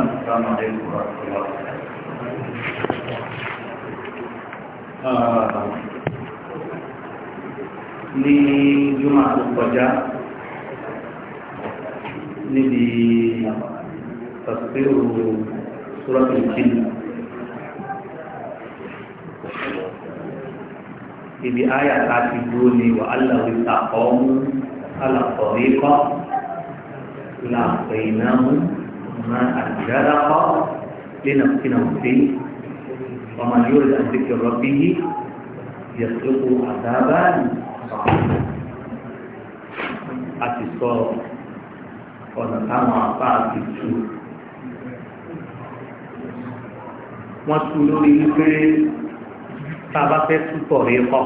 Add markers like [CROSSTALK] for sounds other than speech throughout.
السلام عليكم ورحمة الله وبركاته ní jùmọ̀ tó kọjá níbi tàbíru suratul jinn ibi ayà láti dúró ní wà aláwí tàkọ́ mú alàkọ̀ríkọ́ láàpẹ̀ ìnáwó ما أجرق لنفسنا فيه ومن يرد أن ذكر ربه يسلكه عذابا àti sọ ọ̀nà táwọn apá àti tú wọ́n tú lórí wípé tá a bá fẹ́ tútọ̀ rí kọ́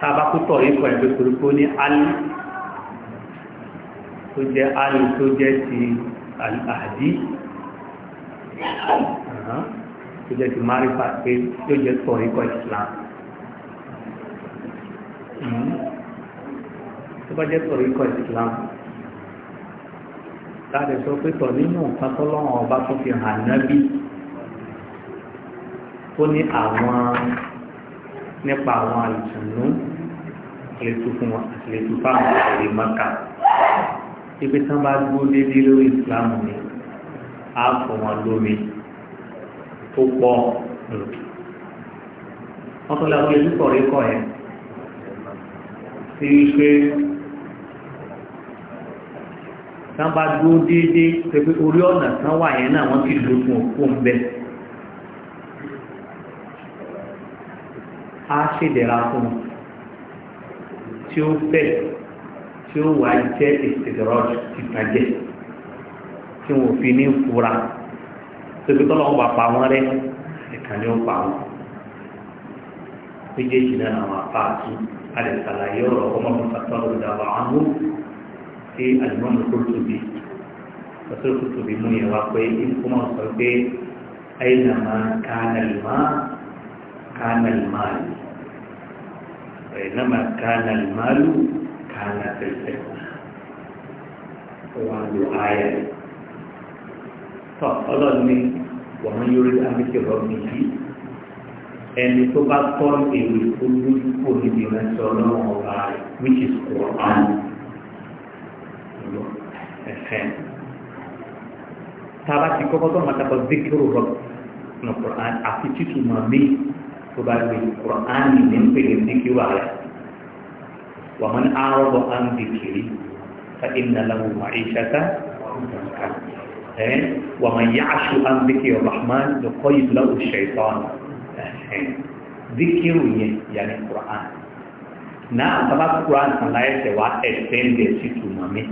tá a bá kú rí kọ́ ẹ̀ pé koríko ní tó jẹ́ alù tó jẹ́ ti àdí tó jẹ́ ti marifa pé tó jẹ́ tọ̀ríkọ̀ islam hmm. tó bá jẹ́ tọ̀ríkọ̀ islam láti sọ pé tọ̀ nínú nǹkan tọ́lọ́wọ́n ọba tó fi hàn nábì ó ní àwọn nípa àwọn àlùsùnú àlètò fún wọn fáwọn àlè mọ́ka ibi tán bá dúró dédé lórí islam ni á fọ wọn lómi tó pọ̀ lòdì wọ́n tó lọ́wọ́ ojú kọ̀ rí kọ̀ ẹ̀ sí pé tán bá dúró dédé pé orí ọ̀nà tán wà yẹn náà wọ́n ti lókun òkú ń á ṣèdẹ̀ra fún un tí ó bẹ́ẹ̀ tí ó wà jẹ́ ìsìnkìrọ́jù ti bàjẹ́ tí wọ́n fi ní fura tóbi tọ́lọ́ wọn bá pa wọ́n rẹ́ ẹ̀ka ni ó pa wọ́n méjèèjì náà àwọn apáàtú alẹ́sàlàyé ọ̀rọ̀ ọmọkùnrin fàtọ́ ọ̀dà àwọn àánú tí alimọ́nù kò tóbi fàtọ́ kò tóbi mú yẹn wá pé ikú máa sọ pé ayé nà máa kánà lè má kánà lè má lè ẹ̀ náà máa kánà lè má lù hana fẹ́fẹ́ wọn lò ayẹ tọ ọlọ́run ní wọn yóò rí amíkẹ̀rọ mi yìí ẹni tó bá tọ́ èrè tó lójú kò which is Quran ẹ̀fẹ́ tá a bá ti kọ́kọ́ tó máa tapọ̀ zikiru rọ̀ ní Quran àti títù màmí Quran ní pèlè zikiru ààrẹ. ومن أعرض عن ذكري فإن له معيشة ومن يعش عن ذكر الرحمن يقيد له الشيطان ذكر يعني القرآن náà bàbá kúrán sàlàyé ṣẹ̀wá ẹ̀sẹ̀ǹdẹ̀ sí tùmọ̀ mi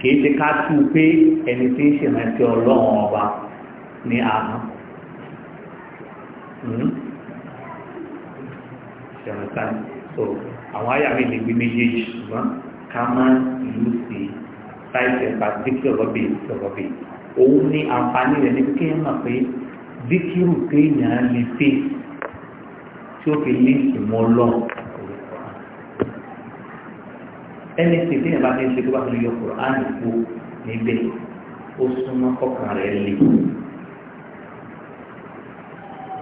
kìí ṣe ká tú pé ẹni tí ń ṣe máa ti ọlọ́run ọba ní àná ṣẹ̀wọ̀n sáà àwọn àyà mi lè gbé méjèèjì ṣùgbọ́n ká máa ìlú sí láìsẹ̀ bá díkì ọ̀rọ̀bì ọ̀rọ̀bì òun ní àǹfààní rẹ̀ ní kí ẹ mọ̀ pé díkìrù téèyàn lè pè tí ó fi lé ìmọ̀ lọ ẹni tí téèyàn bá fi ń ṣe tó bá fi yọ kùránì kú níbẹ̀ ó súnmọ́ kọ́kàn rẹ̀ lè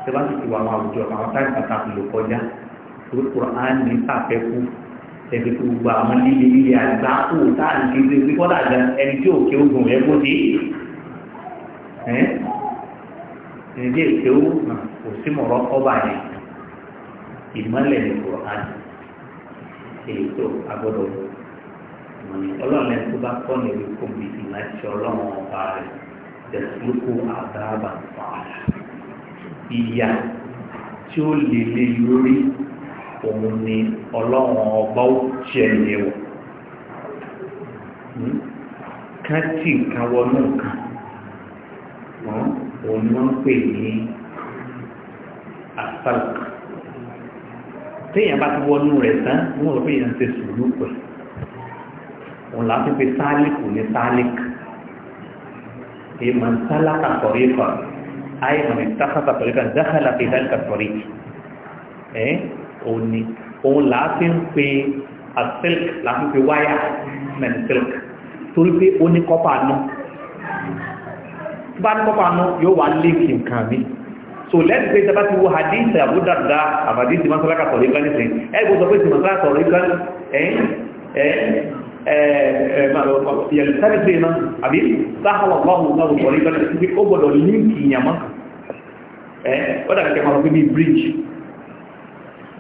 tẹ́lá sì ti wà àwọn àwùjọ àwọn táyà pàtàkì ló kọjá olùkùránì ní sàfẹ́kù ẹ̀fẹ́ tó gba àwọn líle líle àgbà kù táàdì kéde sí kọ́dà gan ẹni tí òkè ogun rẹ̀ kó dé ẹni tí èké ó kò sí mọ̀rọ́ kọ́bà yẹn ìmọ̀lẹ̀ ní kùránì èyí tó agbọ́dọ̀ ọlọ́run ẹni tó bá kọ́ ní ẹ̀rí kò bí ìlàjì ọlọ́run ọba rẹ̀ tẹ̀sílùkù àdáàbà fàá ìyá tí ó lè lè lórí òun ni ọlọ́run ọba ó tiẹ̀ yẹ wọ̀ hmm? ká tì ká wọnú nǹkan hmm? òun ni wọ́n ń pè ní asfalk téèyàn bá ti wọnú rẹ̀ tán wọ́n rò pé èèyàn ti sùúrù pẹ̀ òun láti pe sálíkù ní sálíkù لمن سلك طريقا أي من اتخذ طريقا دخل في ذلك الطريق إيه òní òun làá fi ń pe àtìlk làá fi ń pe wáyà mẹ́ntìlk torí pé ó ní kọ́pà náà bá ní kọ́pà náà yóò wá líǹkì nǹkan mi so lẹ́nu pé sábà ti wo hadith Abu Darda àbàdí ti mọ́sálá kà sọ̀rọ̀ ìgbàlẹ̀ sẹ́yìn ẹ̀rọ sọ pé ti mọ́sálá sọ̀rọ̀ ìgbàlẹ̀ ẹ̀yìn ẹ̀ẹ̀ẹ̀ sábẹ̀sẹ̀ náà àbí sáhàwà báwọn náà sọ̀rọ̀ ìgbàlẹ̀ sí pé ó gbọ́dọ̀ líǹkì ìyàmọ́ ẹ̀ ó dàbí kẹ́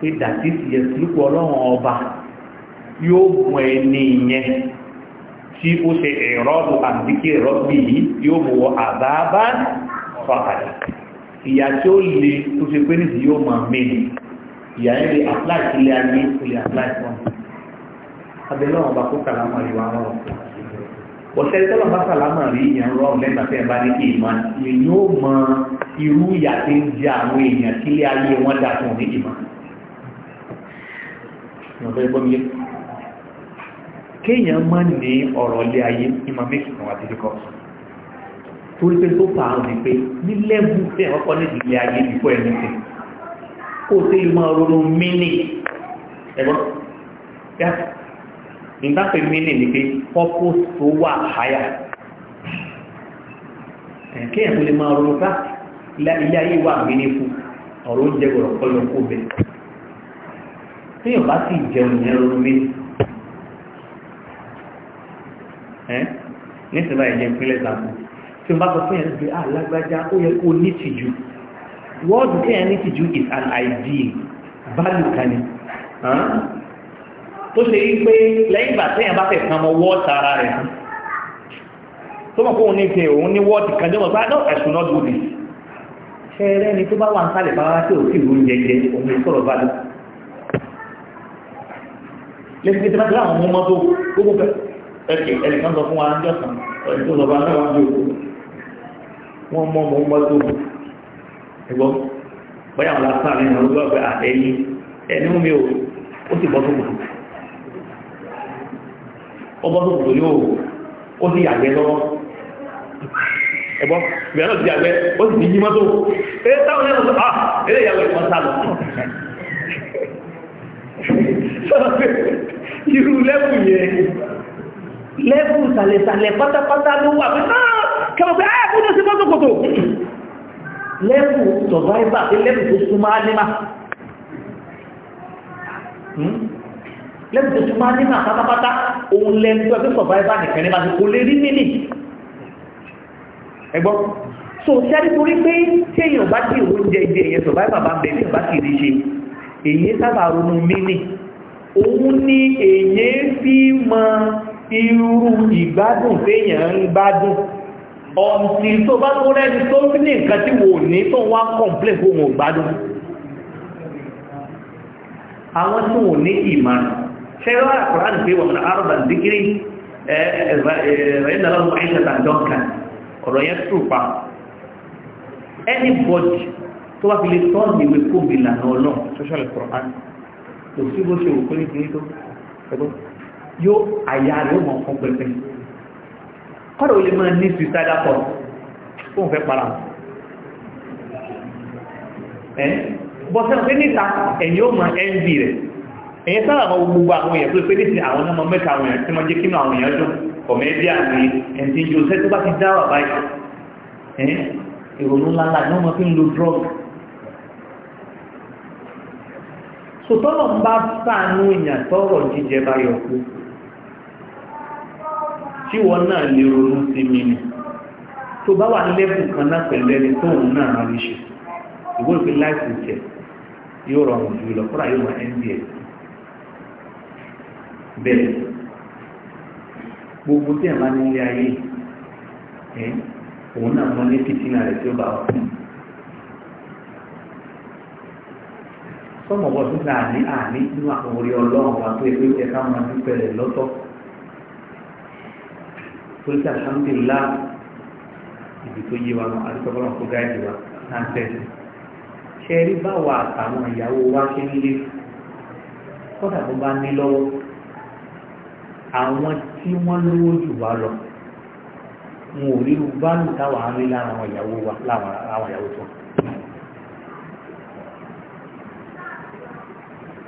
pé dàtí ti yẹ sílùkù ọlọ́run ọba yóò mú ẹni yẹn tí ó ṣe ìrọ́bù àbíkí ìrọ́bù yìí yóò mú wọ àbábá fàkàdà ìyà tí ó le tó ṣe pé nìsí yóò máa mẹ́lì ìyà yẹn lè apply sí ilé ayé kò lè apply fún abẹ́lẹ́ ọ̀bà kó kàlámà rí wa rọrùn ọ̀sẹ̀ tó lọ́ba kàlámà rí ìyẹn rọrùn lẹ́gbàá tẹ́ ẹ bá ní ìmọ̀ èyí ó mọ irú ìyà tí ń jẹ àwọn èèyàn sílé ayé wọn dà fún ní ìmọ̀ ìmọ̀fẹ́ gbọ́mílé kéèyàn má ní ọ̀rọ̀ ilé ayé ìmọ̀mẹ́kì kan wà tí kọ́ torí pé tó fà á ní pé ní lẹ́bù tẹ́ ọkọ̀ ní ilé ayé before anything kó o tẹ́ ìmọ̀ ronú mínì ẹ̀gbọ́n yá nígbà pé mínì ni pé purpose tó wà háyà kéèyàn tó lè máa ronú pé ah, ilé ayé wà mínì fún ọ̀rọ̀ oúnjẹ gbọ̀rọ̀ kọ́ lọ kó tí yóò bá sì jẹun yẹn ló mí nísìnyí báyìí jẹ́ ìpínlẹ̀ ìsàkùn tí wọ́n bá sọ fún yẹn pé alágbájá ah, ó yẹ kó ní tìjú wọ́ọ̀dù tí yẹn ní tìjú is an ideal value kan ni tó ṣe yí pé lẹ́yìn ìgbà tí yẹn bá fẹ̀ kan mọ wọ́ọ̀tì ara rẹ̀ fún tó mọ̀ pé òun ní ṣe òun ní wọ́ọ̀tì kan jẹ́ mọ̀ pé ah, no I should not do this ṣẹ́ẹ́rẹ́ ni tó bá wà ń sálẹ̀ bá wá sí òfin ìròyìn jẹjẹ òun ní sọ̀rọ̀ value lẹ́sìn tí wọ́n ti láwọn ọmọ mọ́tò gbogbo pẹ̀ ẹ̀kẹ́ ẹnìkan sọ fún wa ní ọ̀sán ọ̀rẹ́ tó sọ fún wa náà wọ́n mọ́ ọmọ mọ́tò ẹ̀gbọ́ bóyá wọn lásán ní ọdún ọgbà pé àtẹ́yìn ẹni mú mi ò ó sì bọ́ sókòtò ó bọ́ sókòtò yóò ó sì yàgbẹ́ lọ́wọ́ ẹ̀gbọ́ ìyá náà ti yàgbẹ́ ó sì ti yí mọ́tò ẹ̀ táwọn yàgbẹ́ ah eré yàgbẹ́ kan sá lọ [LAUGHS] irú lẹ́bù yẹn lẹ́bù sàlẹ̀sàlẹ̀ pátápátá ló wà pé náà ah, kẹwàá pé ayà ah, fún jẹ́sí fọ́tòkòtò lẹ́bù survivor pé lẹ́bù tó súnmọ́ ánìmá hmm? lẹ́bù tó súnmọ́ ánìmá pátápátá òun lẹ́nu tó ẹgbẹ́ survivor nìkan ní bàtí kò lè rí mí nì ẹgbọ́n so sẹ́ni torí pé tí èèyàn bá ti ìwé oúnjẹ ibi èèyàn survivor bá bẹ̀rẹ̀ bá ti rí ṣe èyí sábà ronú mí nì òun ni èyẹ fi mọ irú ìgbádùn téèyàn ń gbádùn ọ̀nà tó bá tó rẹ́ni tó ní nǹkan tí wò ní tó wá kọ̀m̀plẹ̀ fóhun ògbádùn àwọn tó wò ní ìmọ̀ ṣẹ́rọ àkùrán pé wọ̀n àrùbà dígírí ẹ̀ẹ́dàlọ́wọ́ anybody tó wá fi lè tọ́ ìwé kóbi lànà ọlọ́ social Quran kò sí bó ṣe òkú nítorí tó ẹgbẹ́ yóò àyà rẹ̀ ó mọ̀ fún pẹpẹ kọ́dọ̀ ó lè máa ní suicide pọ̀ ó ń fẹ́ para ẹ̀ bọ́sẹ̀ pé níta ẹ̀yìn ó máa envy rẹ̀ ẹ̀yìn sára àwọn gbogbo àwọn èèyàn tó pé ní ti àwọn ọmọ mẹ́ta àwọn èèyàn tí wọ́n jẹ́ kí àwọn èèyàn dùn kọ̀mẹ́díà ní ẹ̀ǹtí joseph tó bá ti dá wà báyìí ìrònú ńláńlá ni wọ́n fi ń lo drug sòtọ́nà ń bá sàánú èèyàn tọrọ jíjẹ bá yọ kú tí wọn náà lè ronú sí mi ni tó bá wà lẹ́bùn kan náà pẹ̀lú ẹni tóun náà rán mi ṣe ìwé ìpín láìsí jẹ yóò rọrùn jù lọ fúnra yóò wà nbs bẹ́ẹ̀ gbogbo tí ẹ̀ bá nílé ayé ẹ̀ òun náà mọ ní fìtínà rẹ̀ tí ó bá wà fún un. sọmọ bọ sísè àní àní nínú àwọn orí ọlọ́run wa pé pé ẹ ká máa dúpẹ́ rẹ̀ lọ́tọ̀ torí sí alhamdulilá ibi tó yé wa mọ àdúgbò kó gáàdì wa náà tẹ̀sí ṣe rí báwa àtàwọn ìyàwó wa ṣe ń lé kódà tó bá ní lọ́wọ́ àwọn tí wọ́n lówó jù wá lọ wọn ò rí báàlù táwọn arí láwọn ìyàwó wa láwọn ìyàwó tó ń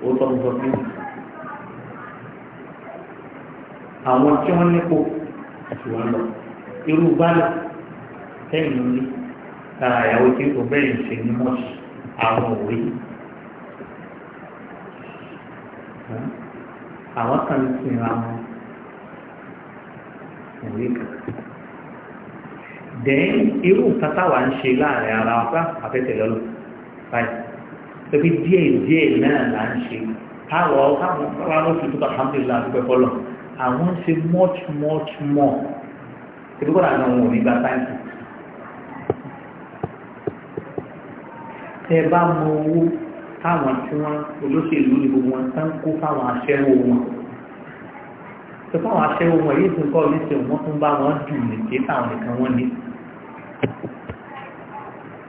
ó tọ́ ń sọ fún àwọn tí wọ́n nípò àti wọn lọ irú bálẹ̀ tẹ́yìn ní lára ìyàwó tí kò bẹ́ẹ̀ ṣe ní mọ́ọ̀sì àwọn òwe àwọn kan ti ra wọn òwe kan dẹ́yìn irú nǹkan táwa ń ṣe láàrin ara wa fún àfẹ́tẹ̀lọ́lù báyìí pẹ̀lú díẹ̀ díẹ̀ náà là ń ṣe táwọn táwọn ọmọ fi tókà alhamdulillah dúpẹ́ fọlọ́ àwọn ń ṣe much much more ebi kọ́ làwọn ohun ìgbà táǹkì tẹ bá mọ owó táwọn tí wọn olóṣèlú ní gbogbo wọn tán kó fáwọn aṣẹ́wó wọn tó fáwọn aṣẹ́wó wọn yìí tó kọ́ ní sèwọ́n tó ń bá wọn dùn ní táwọn nìkan wọn ní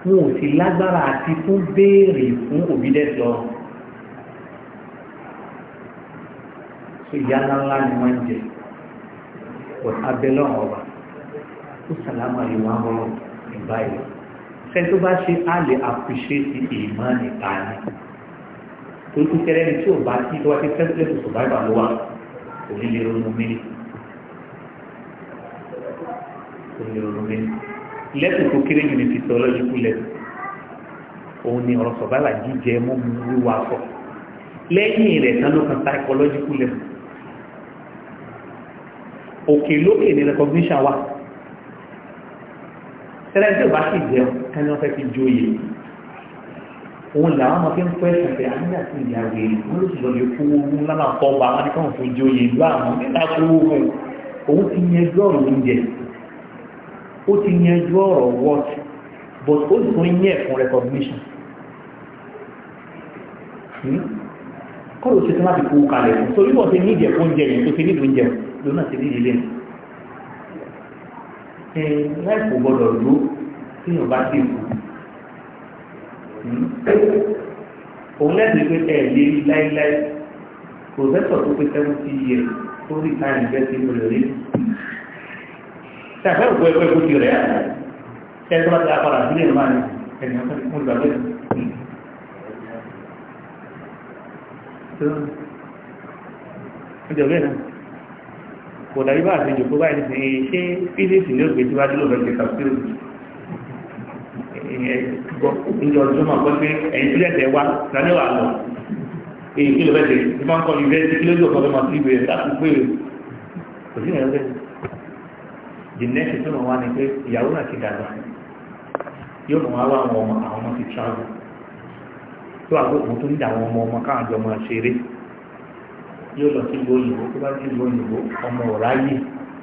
wọn ò sì lágbára àti tún béèrè fún òbí dẹ́sí lọ. so ìyá ńláńlá ni wọ́n ń jẹ wọ́n abẹ́ lọ́wọ́ ọba ó sàlámà lè wá wọ́n ìgbà yìí fẹ́ tó bá ṣe á lè appreciate ìmọ̀ nípa ni tó tún kẹrẹ́ ni tí ò bá sí lọ́wọ́ tí fẹ́ẹ́ tó survival ló wà kò ní lè ronú mí kò ní lè ronú mí lẹ́tù tó kéré jù ní physiological level òun ni ọ̀rọ̀ sọ̀bálà jíjẹ mọ́ mu wíwá sọ lẹ́yìn rẹ̀ tán ló kan psychological level òkè lókè ní recognition wa tẹ́lẹ̀ tí ò bá sì jẹun kẹ́ni wọ́n fẹ́ fi jóye òun làwọn ọmọ fi ń kọ́ ẹ̀sìn pé àwọn àti ìyá rèé wọ́n ló sì lọ lè kó owó ńlá náà kọ́ ọba wọn ni káwọn fojú oyè ìlú àwọn ó ti yanjú ọ̀rọ̀ what but ó tún yẹ fún recognition hmm? kọ́lù ṣe tí wọ́n ti kó kalẹ̀ fún torí wọ́n ti ní ìjẹ̀ fún oúnjẹ yẹn tó ti nílùú oúnjẹ lónà ti ní ìdílé ẹ̀ láìpò gbọ́dọ̀ ló tí yóò bá sí ìkú hmm? òun lẹ́sìn pé ẹ̀ lé láíláí pòfẹ́sọ̀ tó pé seventy years tó rí táyà ìgbẹ́sí ìmọ̀lẹ́rí tẹ̀fẹ́ òkú ẹgbẹ́ kó ti ya. Saya láti apára sílé ìlú máa ní ẹ̀yìn ọ̀pẹ́ olùgbàgbé ìjọba náà kò dàbí bá àti ìjòkó báyìí ní ini fílíìsì ní ògbé tí wá dúró bẹ̀rẹ̀ kàfíìrì ìjọ ọdún máa pẹ́ pé ẹ̀yìn sílẹ̀ tẹ̀ wá lálẹ́ wà lọ èyí kí ló bẹ̀rẹ̀ tí máa ń kọ́ ìrẹsì kí ló dé ọ̀pọ̀ lọ́mọ sí ìwé the next tó mọ̀ wá ni pé ìyàwó náà ti dàgbà yóò mọ̀ wá wá àwọn ọmọ àwọn ọmọ ti travel tó àgbo òun tó ń dà àwọn ọmọ ọmọ káwọn jọ máa ṣeré yóò lọ sí ìlú òyìnbó tó bá sí ìlú òyìnbó ọmọ ọ̀ráyè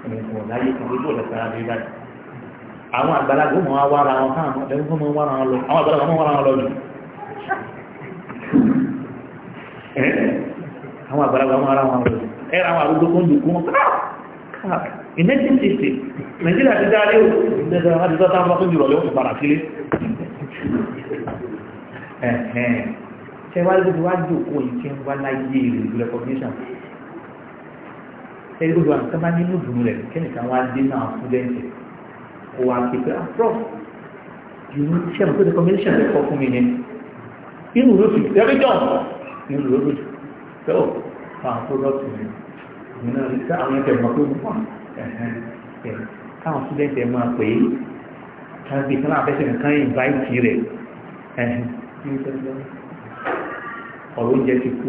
ọmọ ọ̀ráyè kan gbogbo ọ̀dọ̀ sára rí báyìí àwọn àgbàlagbà ó mọ̀ wá wára wọn káwọn ọ̀dọ̀ ẹ̀fọ́ mọ̀ wára wọn lọ àwọn àgbàlagbà mọ̀ wára wọn lọ jù àwọn àgbàlagbà mọ̀ wára wọn lọ jù ẹ̀rọ ìmẹ́tí ti ṣe nàìjíríà ti dáa léò ìdẹ́gbẹ̀ àdìsọ́ táwọn fún jùlọ lẹ́wọ̀n ìbára sílé ṣe wáyé gbogbo wájú òkú yìí tí ń wá láyé rẹ̀ ìlú recognition ṣe gbogbo àwọn kan bá nínú ìdùnnú rẹ̀ kẹ́nìkan wá dé náà fúdẹ́ǹtì kò wá pípẹ́ àpọ̀ ìlú ṣe mọ̀ pé recognition rẹ̀ kọ́ fún mi ni inú ló fi tẹ́lẹ̀jọ́ inú ló fi tẹ́lẹ̀ àwọn tó lọ́ọ̀tì mi ìnáwó àwọn ẹ̀kẹ́ mọ̀ pé wọ́n ah, káwọn sílẹ̀ǹtì ẹ̀ máa pè é káàbí tí wọ́n abẹ́sẹ̀ nǹkan ìnváìtì rẹ̀ ọ̀rọ̀ oúnjẹ ti kú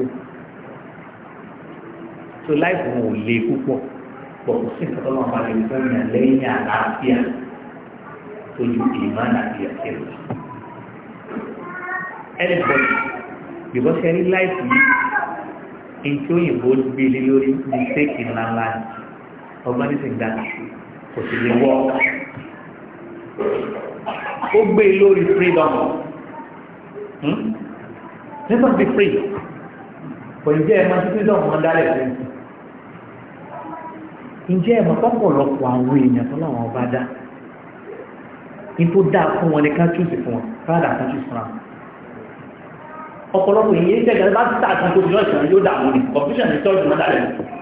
tó láìpẹ́ wọn ò le púpọ̀ pọ̀ kò sí nǹkan tó máa balẹ̀ nípa ìrìn àlẹ́yìn àlàáfíà tó ju ìmọ̀ àti àti ẹ̀rọ everybody because ẹni láìpẹ́ yìí ní tí òyìnbó gbélé lórí mistake ńláńlá ni ọgbọ́n ní sì ga kò sì lè wọ́ ó gbé e lórí freedom never hmm? be free kò ní jẹ́ ẹ̀ máa freedom máa dálẹ̀ fún un ǹjẹ́ ẹ̀ máa pọ̀pọ̀lọpọ̀ àwọn èèyàn tó láwọn ọba dá ní tó dáa fún wọn ní ká túùsì fún wọn rádà kan túùsì fún wọn ọ̀pọ̀lọpọ̀ ìyẹn ìjẹ́gẹ̀ẹ́ bá ti tà àkàntó ìjọ ìṣẹ̀lẹ̀ yóò dà wọ́n ní confusion ní tọ́jú wọn dálẹ̀ fún un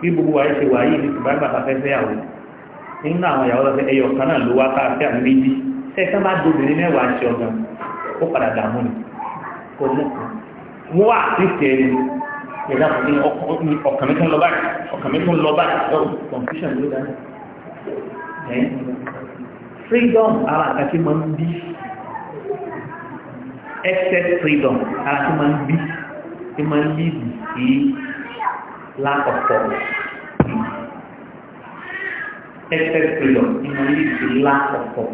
bí gbogbo wa ṣe wà yìí ní ṣùgbọ́n bàbá fẹ́ fẹ́ yàwó nínú àwọn ìyàwó lọ́fẹ́ ẹyọ kan náà ló wá ká fẹ́ àmì méjì tẹ́sán bá dobìnrin mẹ́wàá ṣe ọgbọ̀n ó padà dààmú ni kò mú kan wọ́n wà sí tẹ̀lé ìdá ọkàn mi tó lọ báyìí ọkàn mi tó lọ báyìí lọ́wọ́ confusion ló dáná freedom ara àti máa ń bí excess freedom ara àti máa ń bí ti lákọ̀ọ́kọ́ excess freedom nínú líìsì lákọ̀ọ́kọ́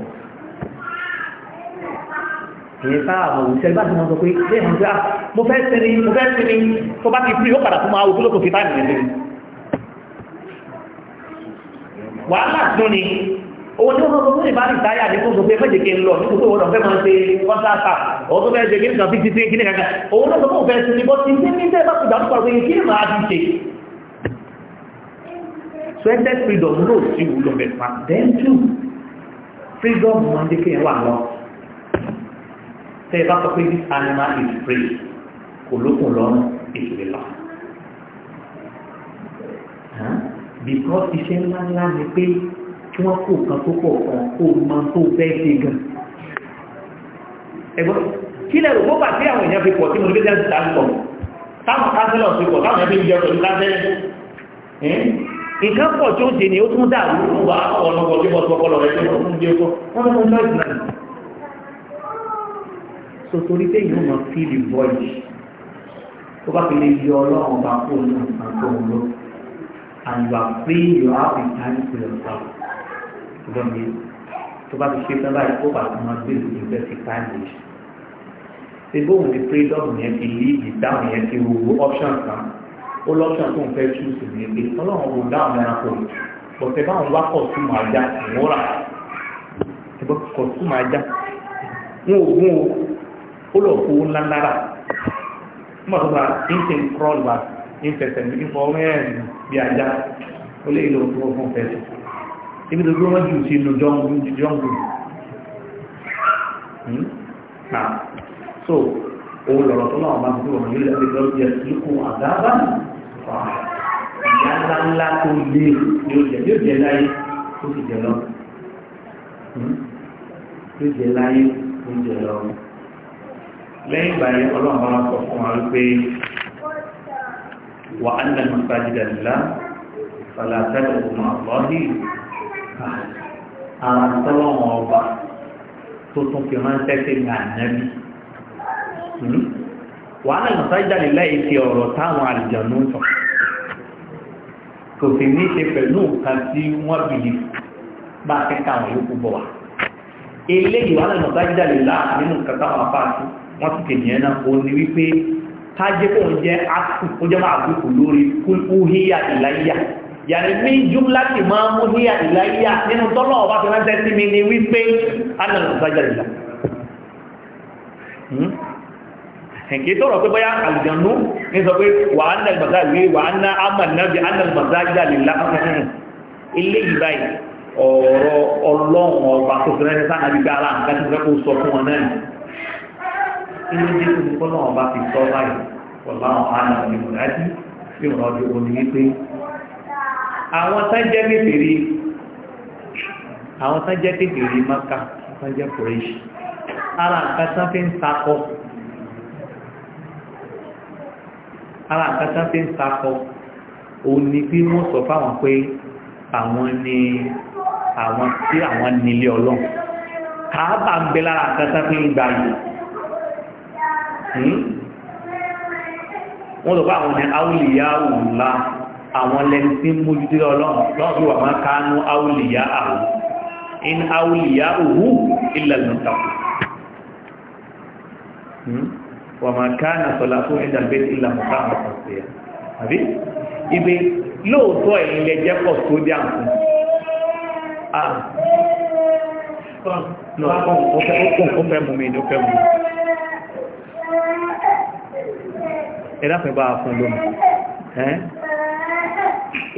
èyí sáà àwọn òṣìṣẹ́ ìbá tí wọ́n sọ pé bẹ́ẹ̀ mọ̀ sí à mo fẹ́ sinmi mo fẹ́ sinmi tó bá ti free ó padà fún ma ojú lókòó fi táìmù rẹ̀ wàhálà tún ni owó tí wọ́n sọ fún ìbá rí táyà ní fún sọ pé méje kí n lọ ní gbogbo ọ̀dọ̀ fẹ́ máa ṣe kọ́ńtàkà ọ̀hún tó fẹ́ ṣe kí nìkan fi ti sí kí nìkan owó náà sọ sinmi bọ́ ti ní ní tẹ́ bá ti gbàdúgbà pé kí ni màá ti ṣe suspended freedom náà sí wúlò mẹ́fà then two freedom máa ń dékè wà lọ tẹ́ ẹ bá sọ pé this animal is free kò lókun lọ́rùn ìṣòro lọ. because iṣẹ́ ńlá ńlá ni pé kí wọ́n kó nǹkan tó pọ̀ kan kó máa tó bẹ́ẹ̀ ṣe gan. ẹ̀gbọ́n kí lẹ́rù bó bá sí àwọn èèyàn fi pọ̀ tí mo ní bẹ́ẹ̀ ṣe ń ta pọ̀ táwọn kánsẹ́lọ̀ fi pọ̀ táwọn èèyàn fi ń jẹ́ pẹ̀lú kánsẹ́lẹ̀ nǹkan pọ̀ tí ó ṣe ni ó tún dà lóru wá ọ̀nà wọlé bọ́ sọ́kọlọ rẹ̀ tó ń gbé ọkọ wọn ló ń lọ ìgbà yìí. so torí pé yóò máa fi lè tó bá fi lè yọ ọlọ́run bá kó ní àtọ́ òun lọ and you are free you have the time to yourself tó bá mi tó bá fi ṣe tán báyìí kó bá tó máa gbé ìlú bẹ́ẹ̀ fi time lè ṣe. bóun ti pray lọ́gùn yẹn ti leave ìdáhùn yẹn ti wo ó lọ́sàn tó ń fẹ́ tú sí ní ilé ọlọ́run kò dá àwọn ẹranko bọ̀tẹ̀ báwọn wá kọ̀ sí màá já ìmúra ẹgbẹ́ kọ̀ sí màá já wọn ò gún o ó lọ kó ńlá náírà wọ́n bá tó bá ń ṣe kúrọ́ọ̀lù bá ń fẹsẹ̀ ní ìfọ̀ mẹ́rin bí ajá ó lè lọ tó fún fẹsẹ̀ ibi tó gbé wọ́n jù sí inú jọ́ngù hmm? so òun lọ̀rọ̀ tó náà bá ń gbé wọn yóò lè lọ́ọ́ yẹ síkú àdábà ìyá ńlá ńlá tó lé yóò jẹ yóò jẹ láyé ó sì jẹ lọ hmm? yóò jẹ láyé ó jẹ lọ lẹ́yìn ìgbà yẹn ọlọ́run bá sọ fún wa wípé wà á nà masajida lillah fàlà tẹ́lẹ̀ ọmọ àbọ́dì àwọn ọba tó tún fi ránṣẹ́ sí ní ànábì. Hmm? wàhálà ìsájà lè láì fi ọ̀rọ̀ táwọn àlìjànú sọ kò sì ní ṣe pẹ̀lú nǹkan tí wọ́n bìí bá kẹta àwọn yòókù bọ̀ wá eléyìí wàhálà ìsájà lè lá nínú nǹkan táwọn afáàtú wọ́n ti tèmi ẹ̀ náà ó ní wípé kájẹ́ kó ń jẹ́ àkù ó jẹ́ máa àbúkù lórí kúhíyà ìláyà yàrá mi jùm láti máa mú híyà ìláyà nínú tọ́lọ́ ọba fi ránṣẹ́ sí mi ni wípé alẹ́ ìsájà lè lá hmm? ẹ̀kẹ́ tọ́rọ pé bọ́yá àlùjànnú ní sọ pé wà á nà ìgbàgbà ìwé wà á nà ámàlìlábi á nà ìgbàgbà ìjà lè lápapọ̀ ilé ìbáyìí ọ̀rọ̀ ọlọ́run ọba tó fi rẹ́ni sáà nàbí gbára nǹkan tó fẹ́ kó sọ fún wọn náà inú jẹ́ kó kó náà ọba fi sọ báyìí ọ̀la ọ̀hánà ìmọ̀lájú bí wọn ọdún òní wípé àwọn tán jẹ́ kékeré àwọn tán jẹ́ kékeré maka tán jẹ́ kòrèṣì ara nǹkan tán fi ń sakọ ara àkàtà fi ń sakọ òun ni bí wọ́n sọ fáwọn pé àwọn ni àwọn tí àwọn nílé ọlọ́run kàábà ń bẹ lára àkàtà fi ń gbà yìí hmm? wọ́n sọ pé àwọn ni áwùlìyá òǹlà àwọn lẹni tí ń mójútó ọlọ́run lọ́wọ́ bí wà máa kánú áwùlìyá àwọn in áwùlìyá òwú ilẹ̀ lọ́tàkùn wà máa ká náà sọ̀lá fún ìdàgbé ìlà mọ̀ká àpapọ̀ sí ẹ̀ àbí ibi lóòótọ́ ẹ̀yìn lẹ jẹ́ pọ̀ tó dé àǹkú ah. ó fẹ́ mú mi ní ó fẹ́ mú mi ẹ̀dáfẹ́ bá fún lómi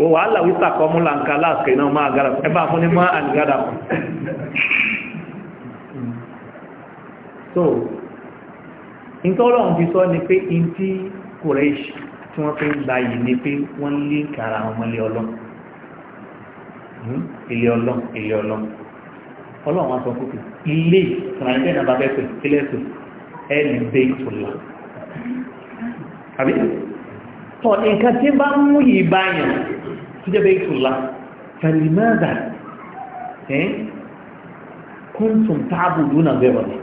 ó wà láwítà kọ mú láǹkà láàkì náà máa gára fún ẹbá fún ní máa àdìgádà fún ìtọ́lọ́run ti sọ ni pé in tí kòrẹ́ṣì tí wọ́n fi ń gba yìí ni pé wọ́n lé kàrà àwọn ilé ọlọ́run hmm? ilé ọlọ́run ilé ọlọ́run ọlọ́run wọn sọ fún mi ilé ìtànàjẹ́ náà bá bẹ́ pẹ̀ ilé ẹ̀sùn ẹ̀lì dé ìtòlá àbí tọ́ nǹkan tí bá ń mú yìí báyàn tó jẹ́ bẹ́ ìtòlá kàlímẹ́dà kúntùm táàbù lónà bẹ́ẹ̀ wọ̀nyí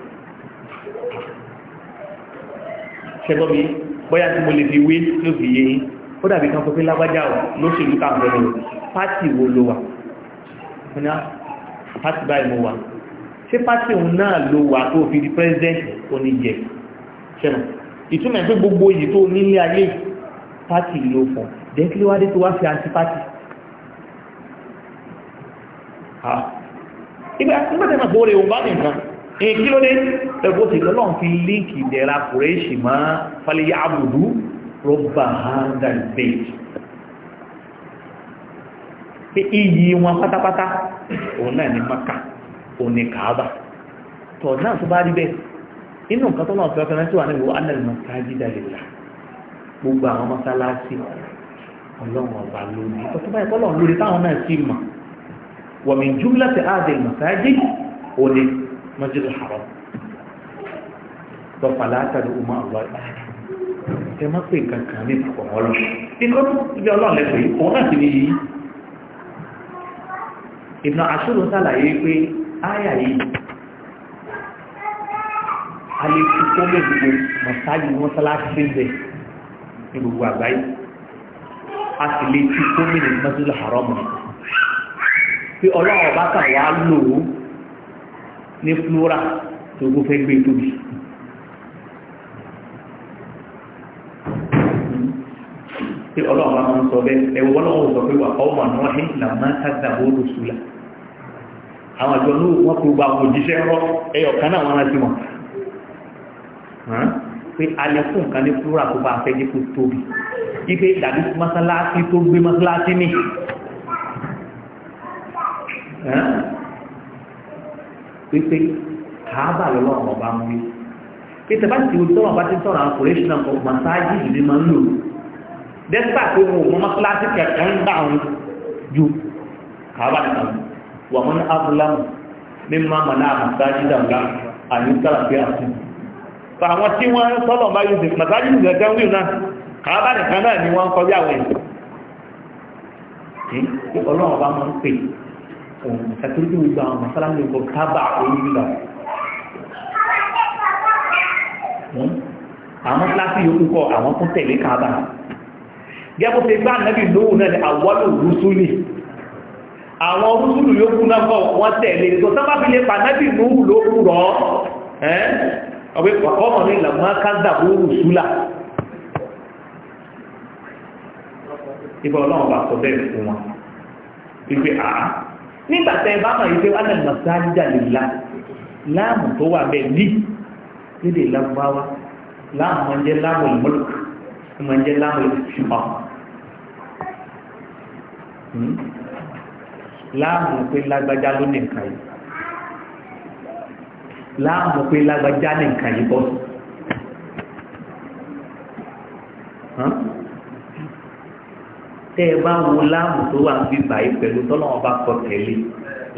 ṣẹgbọ́n mi bóyá tí mo lè fi wé ló fi yé yín ó dàbí kan pé lágbájá ò lóṣèlú káàkiri rẹ̀ pátì wo ló wà ní ah, pátì báyìí mo wà ṣé pátì òun náà ló wà tó fi di president oníjẹ ṣẹlẹ̀ ìtumọ̀ pé gbogbo yìí tó nílé ayé pátì ló fọ̀ dẹ́kíléwádé tó wá fi àti pátì nígbà tí wọ́n bá fowó rẹ̀ òun ìkí eh, ló dé ẹgbó ti lọ́lọ́n fi líǹkì ìdẹ̀ra kùrẹ́ṣì mọ́ fàlẹ́yà àbùdú rọ́bà handelbait pé iyì wọn pátápátá òun náà ní maka òun ní kaaba tọ̀ náà tó bá rí bẹ́ẹ̀ inú nǹkan tó náà fẹ́ fẹ́ tí wà níbo alẹ́lùmọ́ sáájídà lè la gbogbo àwọn mọ́sálásí ọlọ́run ọba lónìí ọtọ́ báyìí kọ́lọ́run lórí táwọn náà sì mọ̀ wọ̀mí júmílẹ̀ tẹ̀ áàdì mọ́sáájí òní masjid al-haram lọ fàlàtà ló mọ àwọn ọ̀dà ẹ má pè nǹkan kan ní ìpàkọ̀ ọlọ́ ikọ́ tó ibi ọlọ́run lẹ́sẹ̀ yìí òun náà sì ní yìí ìbùnà àṣírò sàlàyé pé áyà yìí a lè fi kó lè gbogbo mọ̀sáàjì mọ́sálásí bẹ̀ ní gbogbo àgbáyé a sì lè fi kó lè mọ́sálásí haram pé ọlọ́run ọba kan wà á ní flora tó gbó fẹ́ gbé tóbi tí ọlọ́run bá máa ń sọ bẹ́ẹ̀ ẹ̀wọ̀ ọlọ́run sọ pé wà ọmọ àwọn ẹ̀hìn làmá sáàdà ó lò sùlà àwọn àjọ ní wọ́n tó gba òjíṣẹ́ rọ ẹyọ kan náà wọ́n rántí wọn pé alẹ́ fún nǹkan ní flora tó bá fẹ́ jẹ́ tóbi ipe dàbí mọ́sálásí tó gbé mọ́sálásí ní pípé kàábà lọ́wọ́ àwọn ọba ń wí pété bá ti tọ́wọ́ bá ti tọ́ra ọkùnrin náà kọ masáájì ìdílé máa ń lò dẹ́sítà pé wọn ò mọ mọ́sálásí kẹ̀kẹ́ ń bá wọn ju kàábà nìkan wà mọ́ ní abúlámù ní mama náà masáájì dàgbà àní sàlàfíà sí fa àwọn tí wọ́n tọ́lọ̀ bá yóò dé masáájì ìdílé wí náà kàábà nìkan náà ni wọ́n kọjá wẹ̀ ọlọ́run bá máa ń pè é òun ìsàkiri tí gbogbo àwọn mọ̀sálàmì gbọ́ tábà òun gbígbà àwọn kíláàsì yòókù kọ àwọn tó tẹ̀lé kábà gẹ́gbó ṣe gbá nẹ́bì lówó náà ni àwọ́lò rúsúlì àwọn rúsúlù yòókù náà kọ wọ́n tẹ̀lé tó sábà fi lè pa nẹ́bì lówó lówó rọ ọ̀pẹ́ pàkọ́mọ̀ ní ìlànà kádà rúsúlà ibọ̀ ọlọ́run bá sọ bẹ́ẹ̀ fún wọn nígbà tẹ ẹ bá mọ̀ yìí pé wọ́n lè mọ̀ sáájà lè la láàmù tó wà bẹ́ẹ̀ ní lédè lágbáwá láàmù máa ń jẹ́ láàmù ìmọ̀lùk máa ń jẹ́ láàmù ìfìmọ̀ hmm? láàmù pé lágbájá ló ní nǹkan yìí láàmù pé lágbájá ní nǹkan yìí bọ́ tẹ́ ẹ bá wo láàmù tó wà ń bí báyìí pẹ̀lú tọ́lọ́wọ́n bá kọ tẹ̀lé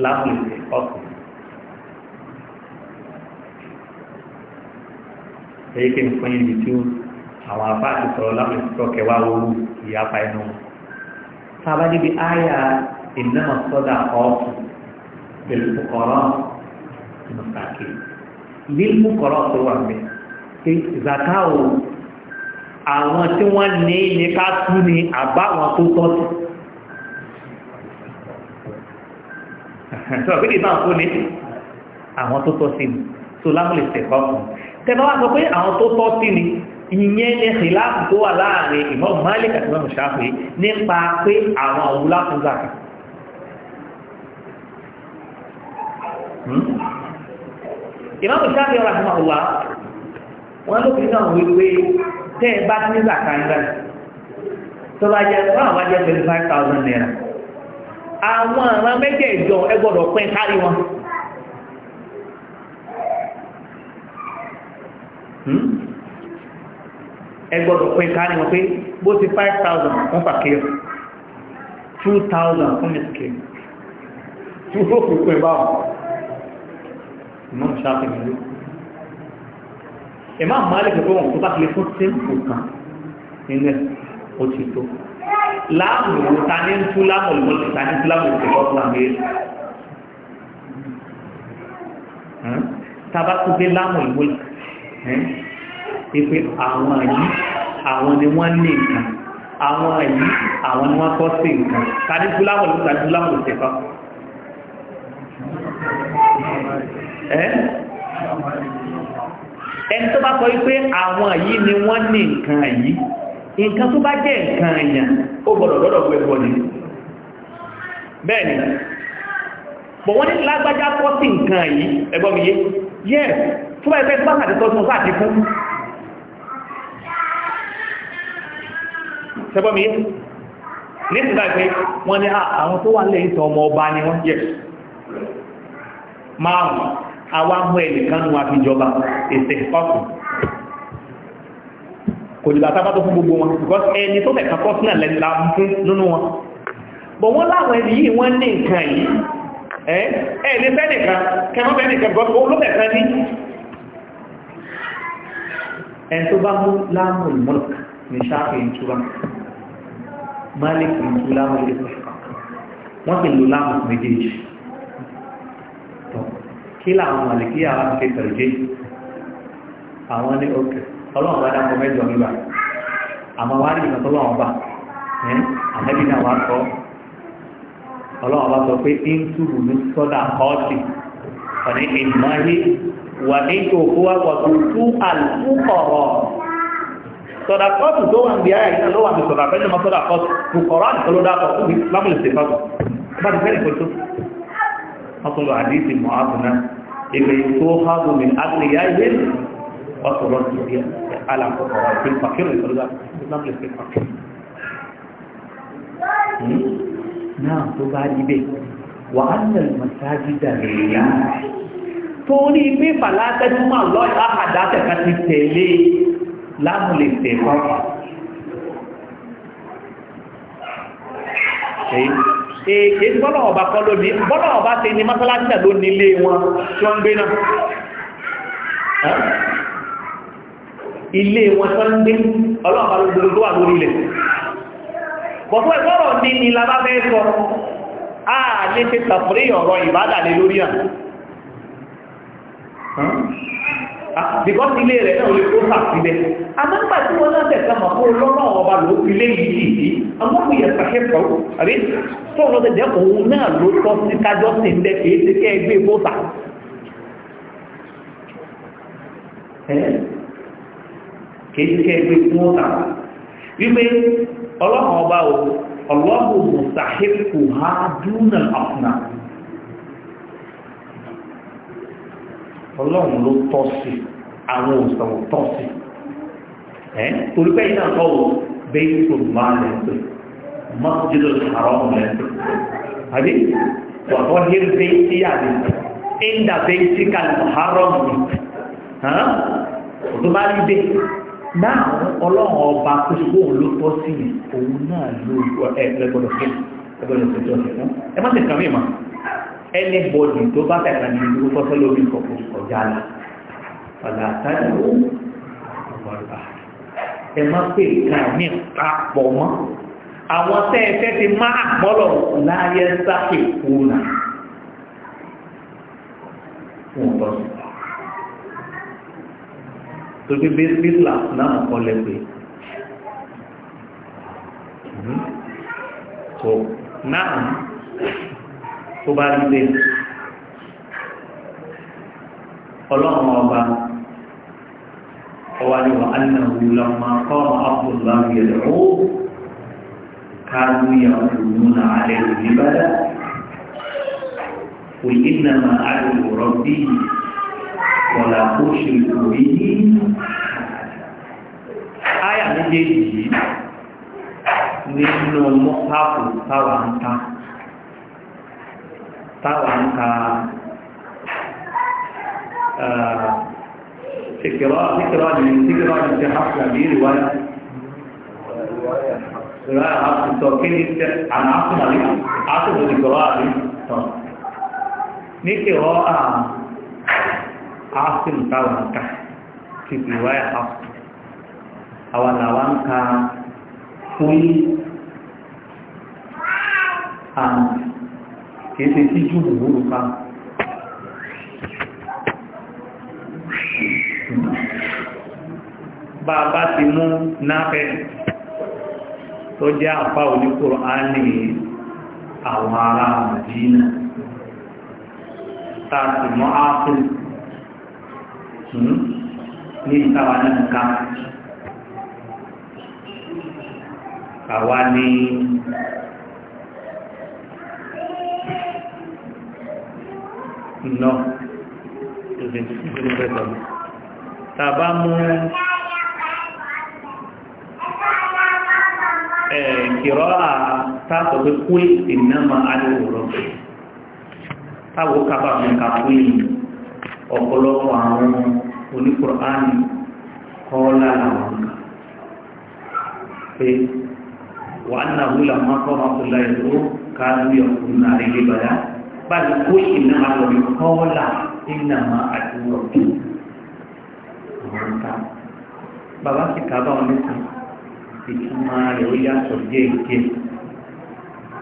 láàmù ọkùn. ẹ̀yẹ́ kí n fún yín tí ó àwọn afá ti sọ̀rọ̀ láàmù ìtọ́ kẹwàá owó ìyapa ẹnu wọn. sábà níbi àyà ìnáwó sọ́dà ọ̀tún pẹ̀lú kọ̀ọ̀rọ̀ mùsàkì. ìdí mú kọ̀ọ̀rọ̀ tó wà mẹ́ àwọn tí wọ́n ní ní ká tú ni àbáwọn tó tọ́ sí sọ̀rọ̀ pé ìbá òkú ni àwọn tó tọ́ sí ni tó lámúlẹ̀ tẹ̀kọ́ fún tẹ́lá wá sọ pé àwọn tó tọ́ sí ni ìyẹn ní ìlàpù tó wà láàrin ìmọ̀ Malik àti ìmọ̀ Shafi nípa pé àwọn òwúlá fún zaka ìmọ̀ Shafi tẹ́ ẹ bá nígbà kan rẹ̀ tó bá jẹ́ fún àwọn ajẹ́ twenty five thousand naira àwọn àwọn mẹ́jẹ̀ẹ̀jọ ẹ gbọ́dọ̀ pín kárí wọn. Hmm? ẹ gbọ́dọ̀ pín kárí wọn pé bó ti five thousand fún fàkíyọ̀ two thousand fún mẹ́sìkì tí ó kò pín báwọn. ìmọ̀ ìṣàfihàn lóko. Imam Malik pé wọn tó bá tilẹ̀ fún símpù kan nínú ẹ̀ ó ti tó láàmù ta ní ń tú láàmù lọ́sí ta ní tú láàmù ìṣẹ̀lẹ̀ ọ̀pọ̀ àmì tàbá tó dé láàmù ìwòlì pípé àwọn àyí àwọn ni wọ́n ní nǹkan àwọn àyí àwọn ni wọ́n kọ́ sí nǹkan ta ní tú láàmù lọ́sí ta ní tú láàmù ìṣẹ̀lẹ̀ ẹni tó bá sọ wípé àwọn yìí ni wọ́n ní nǹkan yìí nǹkan tó bá jẹ́ nǹkan èèyàn ó gbọ́dọ̀ lọ́dọ̀ gbogbo ni bẹ́ẹ̀ni bọ̀ wọ́n ní lágbájá kọ́ sí nǹkan yìí ẹgbọ́n mi yé yẹ́ tó bá ẹgbẹ́ tó bá sàti sọ fún sáàtì fún ṣẹgbọ́n mi yé ní ìsìnká ìpé wọ́n ní ah, àwọn tó wà lẹ́yìn tọ ọmọ ọba ni wọ́n yẹ márùn-ún àwa mú ẹnìkan nù àfijọba èsè ọ̀sùn kò dìbà sábà tó fún gbogbo wọn because ẹni tó fẹ̀kan pọ́sùnà lẹ́la fún nínú wọn bọ̀ wọ́n láwọn ẹni yìí wọ́n ní nǹkan yìí ẹ̀ẹ́dẹ́ fẹ́nìkan kẹmọ́ fẹ́nìkan gọ́ọ̀sì olófẹ̀kan ní ẹn tó bá mú láàmù ìmọ̀lùk ní ṣáàfẹ́ ìtura malik ìtura láàmù ìlẹ́sẹ̀ wọ́n sì lò láàmù méjèèjì kí làwọn mọ̀lẹ́kí àwọn ti ṣe tẹ̀lé àwọn ní òkè ọlọ́run bá dákọ̀ mẹ́jọ nígbà àmọ́ wá ní ìgbà tọ́lọ́run bá àmẹ́bí náà wá sọ ọlọ́run bá sọ pé ń túbù ní sọ́dà kọ́ọ̀tì ọ̀ní ìmọ̀lẹ́ wà ní òkú àpọ̀tù tú àlùkọ̀rọ̀ sọ́dà kọ́ọ̀tù tó wà ń bí ayà ìta ló wà ní sọ̀dà fẹ́lẹ́ mọ́ sọ́dà kọ́ọ̀tù kùkọ̀rọ̀ àti tọ́lọ́dà kọ́ọ̀tù lábùlẹ̀ sèfàbù bá ti fẹ́lẹ̀ pẹ̀tù إذا توخذ من أغنيائهم وترد على فقراء في الفقير يقول لك نملك في الفقير نعم تبالي به وأن المساجد لله torí pé fàlátẹ́túmọ̀ lọ́yà àdáṣẹ̀ká ti tẹ̀lé lámùlè tẹ̀kọ́ èké bọ́lọ̀ ọba kọ́ lónìí bọ́lọ̀ ọba ti ní mọ́sálásí náà ló ní ilé wọn tí wọ́n ń gbé náà ilé wọn tó ń gbé ọlọ́ọ̀bá gbogbo wà lórí ilẹ̀ bọ̀fún ẹ̀kọ́rọ̀ ní ìlàbá fẹ́ sọ àà lè ọ̀rọ̀ ìbádà lé lórí àná Ah, because ilé rẹ̀ náà lè kó sà síbẹ̀ àmọ́gbà tí wọ́n náà tẹ̀sán mọ̀ fún lọ́nà ọba ló ilé yìí yìí àwọn kò yẹ sàkẹ́ pọ̀ àbí fún ọ̀rọ̀ tẹ̀jẹ́ òun náà ló tọ́ sí kájọ́ sí ń bẹ́ kìí ti kẹ́ ẹgbẹ́ kó sà kìí ti kẹ́ ọlọ́run ọba o ọlọ́run mùsàkẹ́ kò há dúnà ọ̀sán ọlọ́run ló tọ́ sí àwọn òsàn tọ́ sí ẹ́ torí pé iná kọ́ wọ bẹ́ẹ̀ tó máa lẹ̀ pé mọ́tíjọ́ àrọ́ lẹ̀ pé àbí wà kọ́ ní ẹgbẹ́ tí yà lè pé ń dàbẹ́ tí ká lè àrọ́ mi tó bá rí bẹ́ẹ̀ náà ọlọ́run ọba ẹni bọ̀dì tó bá tẹ̀ka ní ìlú fọ́fẹ́ lórí kọ̀kọ̀ kọjá la ọ̀là àtàlẹ́ ó ọ̀gbọ̀nba ẹ má pè ká ní papọ̀ mọ́ àwọn tẹ́ ẹ fẹ́ ti má àpọ́lọ̀ láyé sáfì kùnà fún ọ̀tọ̀ sí torí bí bísílà náà kọ́ lẹ́gbẹ̀ẹ́ hmm? so now tó bá rí bẹ́ẹ̀ ọlọ́run ọba ọwá ni wà ánàwó lọ́mọ kọ́ abdullahi yẹ̀rọ káàmù yàtùnú na alẹ́ ìbádá kò iná ma àdùkù rọ́bí wọ̀là kó ṣe kò yí áyà méjèèjì nínú mọ́páàpù táwa ń ta táwa ń ka ṣèkìrọ́ eh, ṣèkìrọ́ ni ṣèkìrọ́ ni ṣe hapù àbí ìrìwáyà ìrìwáyà hapù sọ kí ni ṣe àná hapù àbí hapù ní ṣèkìrọ́ àbí tọ̀ ní ṣèkìrọ́ hapù táwa ń ka ṣèkìrọ́yà hapù àwọn làwọn ń ka fúyí kìí ṣe tí jù wù ú ká bá a bá ti mú náfẹ́ tó jẹ́ àpá oníkòrò á ní àwọn ará àdínà tààtì mọ́ ápùl ní ìtawà náà ká àwa ní no is it is it better tàbá mú kìrọ́ àtàkọ̀ pé kúlì ìnáma alóòrọ̀ táwọn kábà mú ká kúlì ọ̀pọ̀lọpọ̀ àwọn oníkùránì kọ́ọ́lá làwọn ká pé wà náà húlà mọ́kànlá ìlú káàdù yọkùnrin àrílé bàdá bal ku inna ma yuqala inna ma aduratu baba si kaba on ni ìtumọ̀ rẹ̀ ó yàtọ̀ díẹ̀ díẹ̀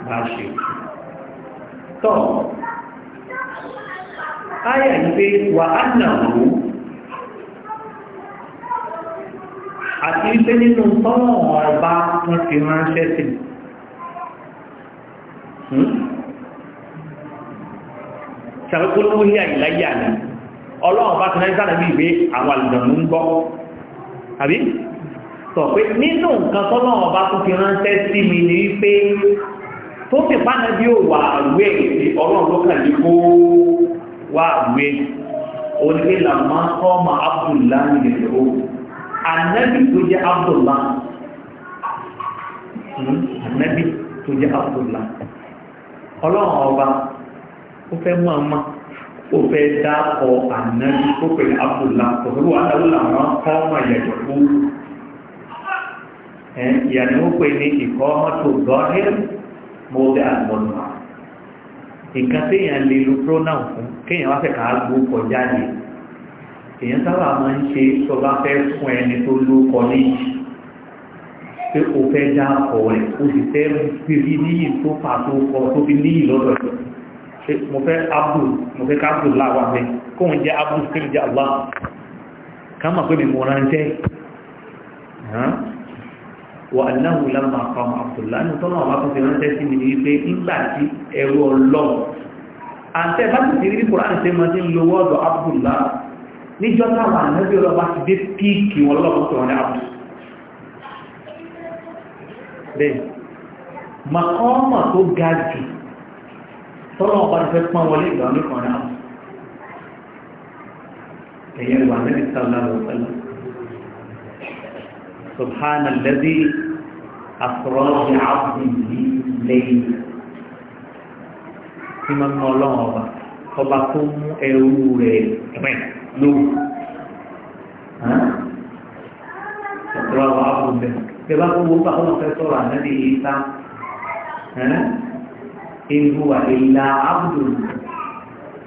bá ṣe tọ́ ayà ní pé wà á nà wó àti wípé nínú tọ́lọ̀ ọba wọn fi ránṣẹ́ sí hmm? tàbí kó ló hí àyíláyà ni ọlọ́run bá ti náà sára bí ìwé àwọn àlùdànù ń gbọ́ àbí sọ pé nínú nǹkan tọ́lọ́run bá tún fi ránṣẹ́ sí mi ni wípé tó sì pánà bí ó wà àwẹ̀ èdè ọlọ́run ló kàn lé kó wà àwẹ̀ onílé làmá ọmọ abdullahi lè lò ànábì tó jẹ́ abdullahi hmm? ànábì tó jẹ́ abdullahi ọlọ́run ọba ó fẹ́ mú àmọ́ ó fẹ́ dá ọ ànábi ó pè ní abdullah òfin wà láwọn làwọn kọ́ ọmọ ìyàjọ̀ fún ìyàní ó pè ní ìkọ́ mọ́tò gọ́ọ̀hìn mọ́tò àgbọ̀nà nǹkan téèyàn lè lo pronoun fún kéèyàn wá fẹ́ kàá gbó kọjá yìí èyàn sábà máa ń ṣe tó bá fẹ́ fún ẹni tó ló kọ pé o fẹ́ dá ọ̀ rẹ̀ o sì fẹ́ fi níyì tó fà tó kọ tó fi níyì lọ́dọ̀ mo fẹ́ abdul mo fẹ́ ká abdul láwà mẹ́ kóhun jẹ́ abdul kí jẹ́ allah ká mọ̀ pé mi mọ̀ ránṣẹ́ wà aláhùn lámà kan abdullah ní tọ́nà ọmọ tó fi ránṣẹ́ sí mi ní wípé ńgbà tí ẹrú ọlọ́run àti bá ti ti rí kùránì tẹ́ máa ti ń lo wọ́ọ̀dọ̀ abdullah níjọ́ táwọn ànábì ọlọ́ba ti dé píìkì wọn lọ́wọ́ tó wọn ní abdul bẹ́ẹ̀ màkọ́mọ̀ tó ga jù tọ́lọ́ ọba ti fẹ́ pọ́n wọlé ìgbà oníkan náà ẹ̀yẹ wà ní ìsàlá lọ́sẹ̀lá subhana lẹ́bí asọ́rọ́ọ̀dì àbùdí lẹ́yìn tí máa ń ná ọlọ́run ọba ọba tó mú ẹrú rẹ̀ gbogbo bá wọn fẹ́ sọ̀rọ̀ ànábì إن هو إلا عبد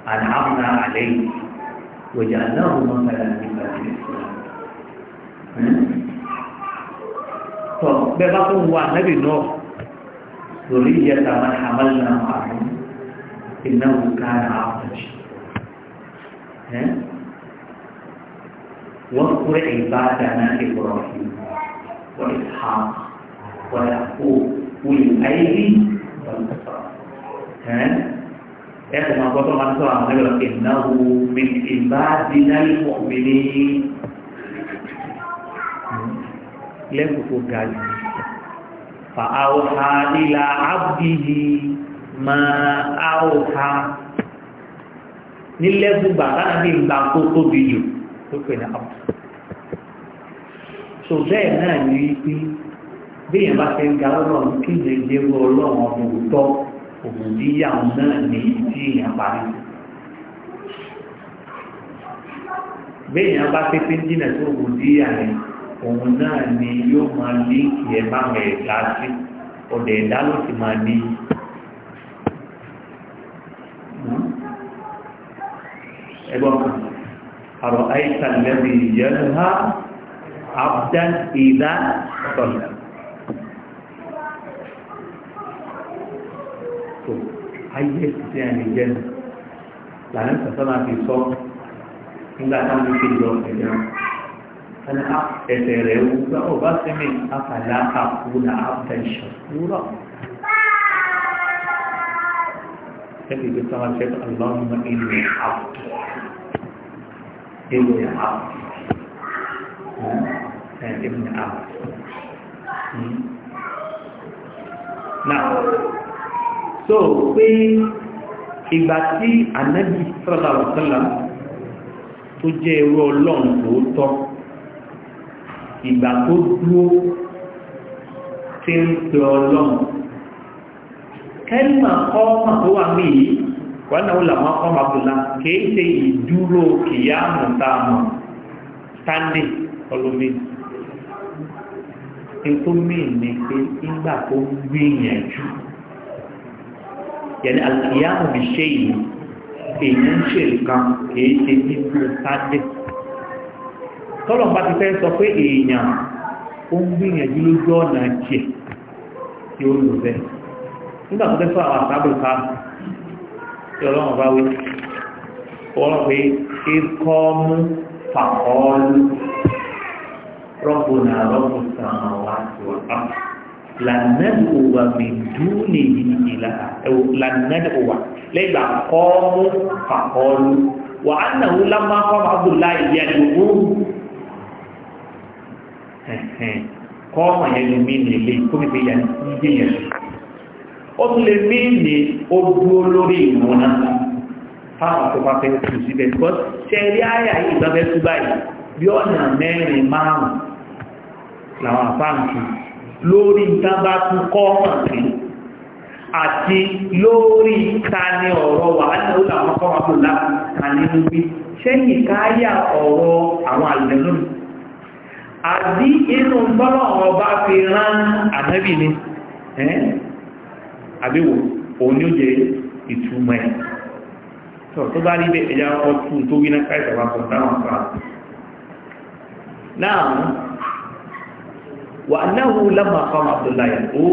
أنعمنا عليه وجعلناه مثلا بني إسرائيل بابا هو النبي نوح ذرية من حملنا معه إنه كان عبدا واذكر عبادنا إبراهيم وإسحاق ويعقوب أولي الأيدي والأبصار ẹ̀kọ́ máa gbọ́tọ̀ máa sọ àwọn ẹgbẹ̀rọ ìnáwó ìbádínálìpọ̀ mi ní lẹ́kùn tó ga jù fa àwòhá nílà ábìlì máa àwòhá ní lẹ́kùn bàbá ní ìgbà tó tóbi jù tó pè so saya náà ní wípé bí èèyàn bá ṣe ń ga ọlọ́run kí òbòdíyà náà ní tí èèyàn parí béèyàn bá pépé jìnà tó òbòdíyà rẹ̀ òun náà ni yóò máa líǹkì ẹ báwọn ẹ̀dá sí ọ̀dẹ̀ ẹ̀dá ló ti máa ní ẹgbọ́n kan àrò àìsàn lẹ́bi ìyẹnu ha abdan ìdá sọ̀lẹ̀ highest tí a lè jẹ́ lànà sọ̀tọ́nà fi sọ nígbà táwọn ti lọ ẹ̀yà ẹni ẹsẹ̀ rẹ̀ wú pé ó bá sẹ́mi àfàlà àkú là áfẹ́ ìṣàkúrọ̀ ẹ̀kì tó sọ́wọ́ ṣe ọlọ́mọ inú àpò inú àpò inú àpò so pé ìgbà tí ànábì sọ́lá ọ̀sọ́lá tó jẹ́ ẹrú ọlọ́run tòótọ́ ìgbà tó dúró tí ń pè ọlọ́run kẹ́lìmà kọ́ọ̀mà tó wà ní yìí wọ́n náà làwọn kọ́ọ̀mà tó lá kìí ṣe ìdúró kìyà mọ̀tàmọ̀ tánlé ọlọ́mí ètò mí ní pé ìgbà tó gbìyànjú yẹni alkiyamu bí ṣe yìí èyí ń ṣe nǹkan kìí ṣe nínú sáńdé tọ́lọ̀ bá ti fẹ́ sọ pé èèyàn ó ń gbìyànjú lójú ọ̀nà jẹ tí ó lò bẹ́ẹ̀ nígbà tó fẹ́ sọ àwọn àtàbùrù ká tí ọlọ́run bá wí ọ̀rọ̀ pé ikọ́ mú fàkọ́ọ́lù rọ́pò náà rọ́pò sàn àwọn àti wàhálà lànàdùwà mẹ́dúnlẹ̀ yìí ìlà lànàdùwà lẹ́gbà kọ́ọ̀mù fàkọ́ọ̀lù wà á nà wú lámà kọ́ọ̀mù abdullahi yàdùwú kọ́ọ̀mù yẹlùmí nílé kómìfì yàdùwú ó tún lè mí ní ojú olórí ìwọ̀n náà fáwọn tó bá fẹ́ tù síbẹ̀ because ṣẹ̀rí àyà yìí bá fẹ́ tú báyìí bí ọ̀nà mẹ́rin márùn-ún làwọn àfáàǹtì lórí ìtàbá tún kọ́ hàn sí àti lórí ìkàní ọ̀rọ̀ wà ní ó làwọn kọ́ wà fún láti kàní ń gbé ṣẹ́yìn káyà ọ̀rọ̀ àwọn àlẹ́lú àbí inú bọ́lọ̀ ọba fi rán ànábì ni àbíwò òun ni ó jẹ ìtumọ̀ ẹ̀ tọ́ tó bá rí bẹ́ẹ̀ ẹ̀yà ọkọ̀ tún tó wí náà káyà ìjọba kọ̀ náà wà náà lọ́mọ abdullahi ó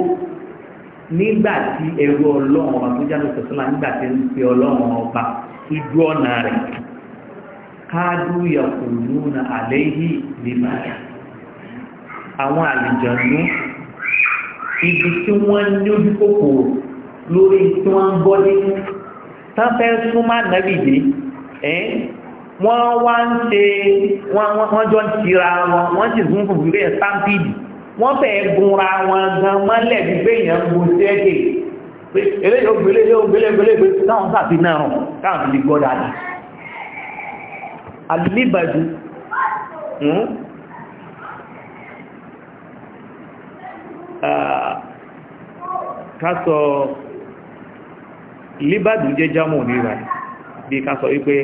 nígbà tí ẹrú ọlọ́run ọba tó jáde sọ̀tún náà nígbà tí ń pe ọlọ́run ọba ojú ọ̀nà rẹ̀ káàdù yàkùnú na àléhì lèmà àwọn àlìjọ̀nú ibi tí wọ́n ní ojú kòkòrò lórí tí wọ́n ń bọ́ nínú tán súnmọ́ nàbìdì ẹ́ wọ́n wá ń ṣe wọ́n jọ ń tira wọn wọ́n sì fún kòkòrò ẹ̀ sáńpìdì wọ́n fẹ́ gunra wọn gan mọ́lẹ̀ bí pé èèyàn ń gun sẹ́ẹ̀kì pé eléyìí ó gbélé ó gbélé gbélé gbé táwọn sàfi náà rùn káwọn fi lè gbọ́ dáadáa alìlíbàdú hmm? kásọ̀ líbàdú jẹ́ jámù nira bí kásọ̀ wípé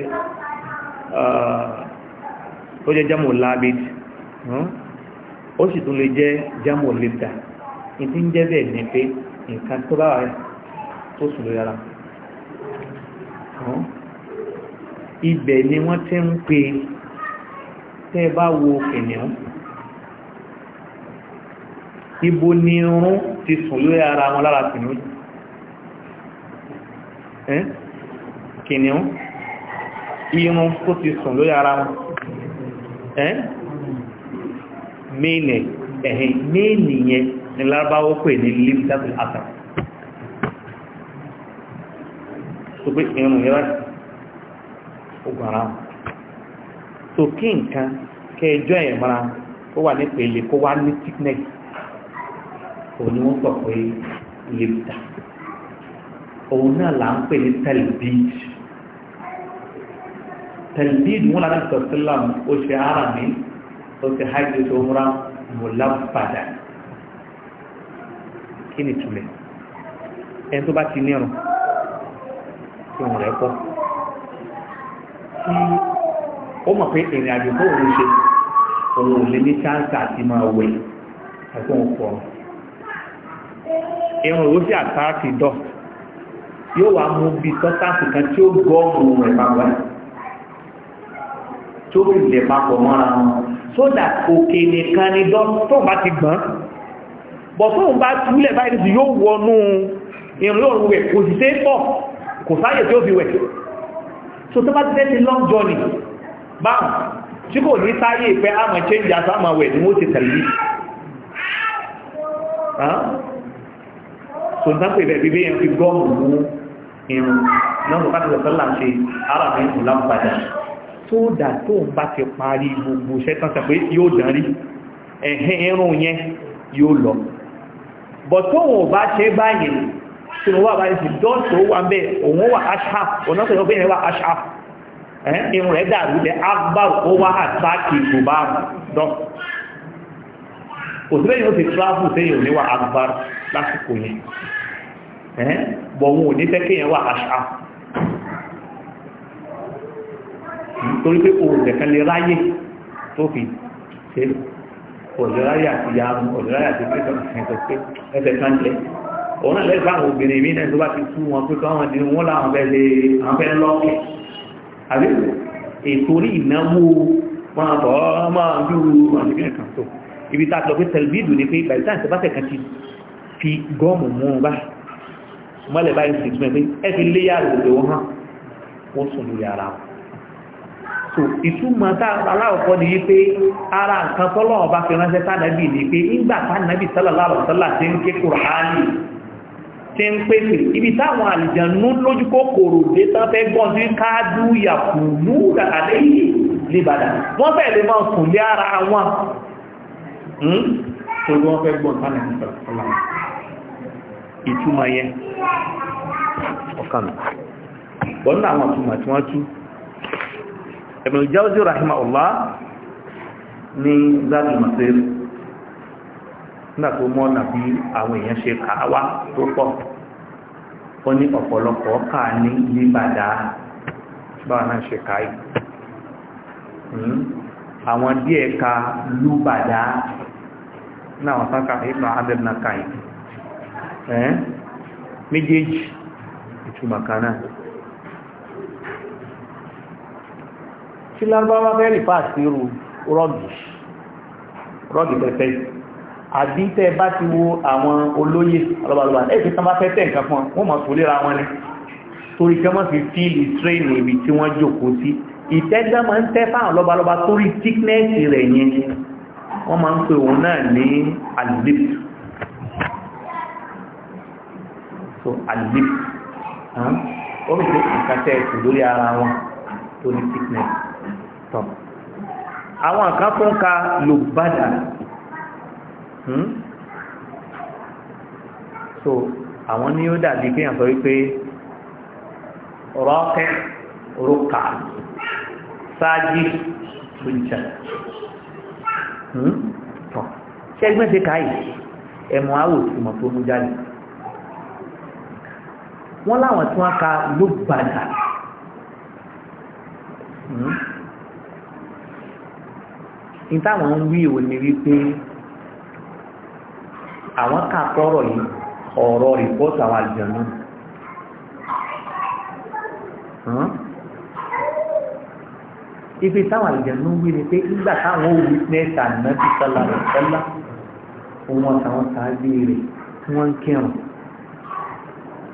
ó jẹ́ jámù lábẹ́dì hmm? ó sì tún lè jẹ́ jámù lẹ́tà ìdí ń jẹ́ bẹ́ẹ̀ ní pé nǹkan tó bá wà tó sùn lórí ara ibẹ̀ ni wọ́n tẹ́ ń pe tẹ́ bá wo kìnìún ibo ni irun ti sùn lórí ara wọn lára kìnìún kìnìún irun tó ti sùn lórí ara wọn méèlì ẹ̀hìn méèlì yẹn ni lárúbáwọ́ pè ní limitato asar tó pé irun yẹn láti ogun ara tó kí nǹkan kẹjọ ẹ̀ mara kó wà ní pèlè kó wà ní thickness òní wọ́n sọ pé limita òun náà là ń pè ní talbid talbid wọn lára sọ ó ṣe ara mi tó ti hajj tó múra mùláfàdà kí ni ìtumẹ̀ ẹni tó bá ti nírun tí òun rẹ̀ pọ̀ tí ó mọ̀ pé ìrìn àjò tó òun ṣe òun ò lè ní ṣáńsà àti máa wẹ̀ àti òun pọ̀ irun òwò sí àtàkì dọ̀ yóò wá mú bí sọ́tàkì kan tí ó gbọ́ òun rẹ̀ papọ̀ tí ó lè papọ̀ mọ́ra wọn sódà òkè nìkan ni dán tóun bá ti gbọ́n bọ̀ tóun bá túlẹ̀ báyìí sí yóò wọnú ìrìn òun wẹ̀ kò sì tẹ́ pọ̀ kò sáyẹ̀ tí ó fi wẹ̀ so tó bá ti tẹ́ ti long journey báwọn tí kò ní sáyé ìpẹ́ àmọ̀ change as àmọ̀ wẹ̀ ni wọ́n ti tẹ̀lé so n sáfẹ́ ìbẹ̀ bíbí yẹn fi gọ́ọ̀mù mú irun náà lọ́pàá ti sọ̀tọ́lá ṣe ara mi ìlànà padà tó dà tó ń bá ti parí gbogbo iṣẹ́ tán sàpé yóò dán rí ẹ̀hìn irun yẹn yóò lọ bọ̀ tóun ò bá ṣe báyìí tí wọ́n wà báyìí sí dọ́ọ̀tò wà ń bẹ́ òun wà aṣá ọ̀nà tó yọ pé ìrìn wà aṣá irun rẹ̀ dàrú jẹ́ agbá ó wá àtàkì ìgbòbá dán òtúbẹ̀ yóò ti travel sẹ́yìn òní wà agbá ò ní fẹ́ kéèyàn wà aṣá torí pé òun nìkan lè ráyè tó fi ṣe òṣèráyè àti yaamu òṣèráyè àti pẹ́sọ̀ ẹ̀sọ̀ pé ẹsẹ̀ kan lẹ̀ òun náà lẹ́sẹ̀ àwọn obìnrin mi náà tó bá ti tú wọn pé káwọn di wọn láwọn fẹ́ lè àwọn fẹ́ lọ́ọ̀kẹ́ àbí ètòrí ìnáwó wọn àbọ̀ ọmọ ojú àdìgbẹ́ kan tó ibi tá a sọ pé tẹlifíìdù ni pé bàbá ìtàn ìṣẹ́bàtẹ̀ kan ti fi gọ́ọ̀mù mú un bá mọ́lẹ̀ báyìí sì gbẹ̀mí ẹ fi léyà lòdò wọn hàn wọ́n sùn lórí ara wọn so ìtumọ̀ aláwọ̀kọ́ ni wípé ara nǹkan tọ́lọ́wọ́ bá fi ránṣẹ́ tánàbì ní pé ìgbà tánàbì sálàlá tí ń ké kùránì tí ń pèsè ibi táwọn àlìjànú lójú kòkòrò dé tán fẹ́ gbọ́n sí káàdù yàkùnú àlẹ́ yìí lébàdà wọ́n fẹ́ lè máa sùn lé ara wọn hmm? tó wọ́n fẹ́ tí wọ́n tú Ibnu Jauzi rahimahullah ni zani masir na kumo nabi awon eyan se ka wa to po oni opolopo ka ni libada ba na se kai hmm awon die ka lubada na wa ka ibnu abdul nakai eh mejej itu tí lárúbáwá fẹ́ rìfà sí irú rọ́gì rọ́gì pẹ̀pẹ́ àbí tẹ́ bá ti wo àwọn olóyè alọ́balọ́ba ẹ̀ẹ́sì tán bá fẹ́ tẹ̀ nǹkan fún wọn mọ̀ tó léra wọn ni torí kí wọ́n fi fíìlì tírẹ́ẹ̀nì ibi tí wọ́n jókòó sí ìtẹ́gbẹ́ máa ń tẹ́ fáwọn lọ́balọ́ba torí tíknẹ́ẹ̀sì rẹ̀ yẹn wọ́n máa ń pè òun náà ní alìlípù so alìlípù ó ń pè nǹkan tẹ́ tọ́ àwọn kan tó ń ka lùbádà hmm? so àwọn ni ó dàbí kéèyàn sọ wípé rọ́ọ̀kẹ́ rúkà sáájì sùjà hmm? tọ́ ṣẹ́gbẹ́ ṣe káyì ẹ̀mọ́ àwò ìmọ̀ tó mú jáde wọ́n láwọn tí wọ́n ka lùbádà ní táwọn ń wí ìwò ni wípé àwọn kàkọ́rọ̀ yìí ọ̀rọ̀ rìpọ́tù àwọn àlùjànnú ibi táwọn àlùjànnú ń wí ni pé nígbà táwọn ò witness ànábì sọ́lá rẹ̀ sọ́lá òun àtàwọn sàájú rẹ̀ wọ́n ń kírun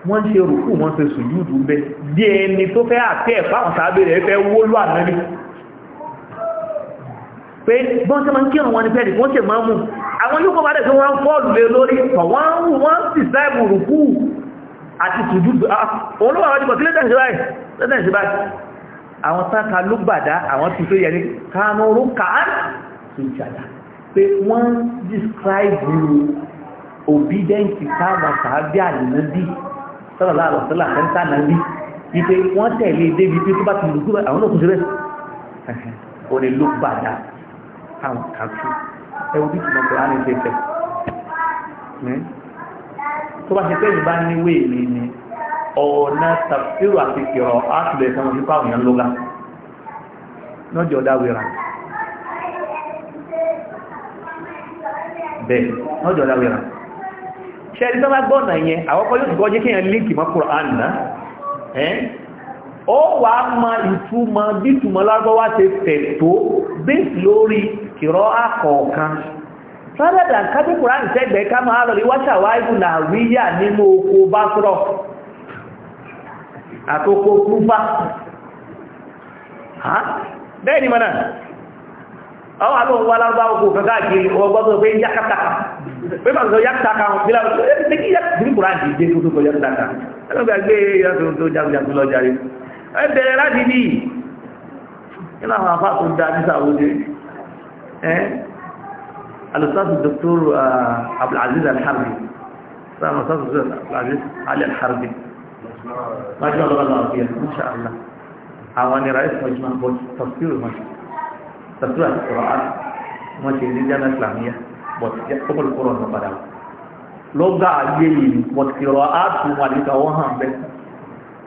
wọ́n ṣe rùkú wọ́n ṣe sùjúdù bẹ́ẹ̀ bí ẹni tó fẹ́ àti ẹ̀fà àwọn sàájú rẹ̀ fẹ́ wó lọ́ ànábì pé bọ́n tí ma ń kírùn wọn ni pẹ́ẹ̀lì wọ́n tè máa mú àwọn yóò kọ́bàdẹ̀ tí wọ́n fọ́ọ̀lù lé lórí wọ́n wọ́n sì sáìbù rùkú àti tùjú olówà wájú kọ̀kí lẹ́tẹ̀ ìṣẹ́bá àwọn sáka ló gbàdá àwọn tí tó yẹ ní kánúrú káán tó jàdá pé wọ́n describe obedient táwọn sàábí àlùmọ́bí sọ́lọ́lá àlọ́sọ́lá àtẹ́ńtà náà bí wípé wọ́n tẹ̀lé e débi pé tó bá ti lùkú àwọn òkú ṣe bẹ́ẹ̀ òní ló gbàdá táwọn kà sí ẹwù bí tìmọ̀ kùránì ṣe fẹ́ tó bá ṣe pé ìbá ní wéèlì ni ọ̀nà tàbíru àti kìrọ̀ áàtùlẹ̀ fún ojú fáwọn èèyàn lọ́gá lọ́jọ́ dáwẹ́ra bẹ́ẹ̀ lọ́jọ́ dáwẹ́ra ṣẹ́rí tó bá gbọ́nà yẹn àwọ́kọ́ yóò gbọ́ jẹ́ kíyàn líkì mọ́ Kùránì náà ẹ́ ó wà á ma ìtumọ̀ bí ìtumọ̀ lárúbáwá ṣe tẹ̀ tó bẹ́ẹ̀ lórí kìrọ́ àkọ̀ọ̀kan sádàdà kájú kùránì sẹ́gbẹ̀ẹ́ ká máa lọ rí wáṣà wáìbù nàìjíríà nínú oko básrọ̀ àtòkò kúfà bẹ́ẹ̀ ni mọ́nà àwọn àwọn òwò alábá oko kàkà kiri ọgbọ́gbọ́ pé yákàtàkà pé máa sọ yákàtàkà bílá ẹgbẹ̀rẹ̀ láti ní ìlànà àfáà tó dá ní sàwọ́dé الأستاذ الدكتور عبد العزيز الحربي سلام أستاذ الدكتور عبد العزيز علي الحربي ما شاء الله العافية إن شاء الله أواني رئيس مجمع بوش تصوير مجمع تصوير القرآن مجمع للجامعة الإسلامية بوش يحكم القرآن وقدام لو قاعد يلي بوش قراءات ومالك وهم بس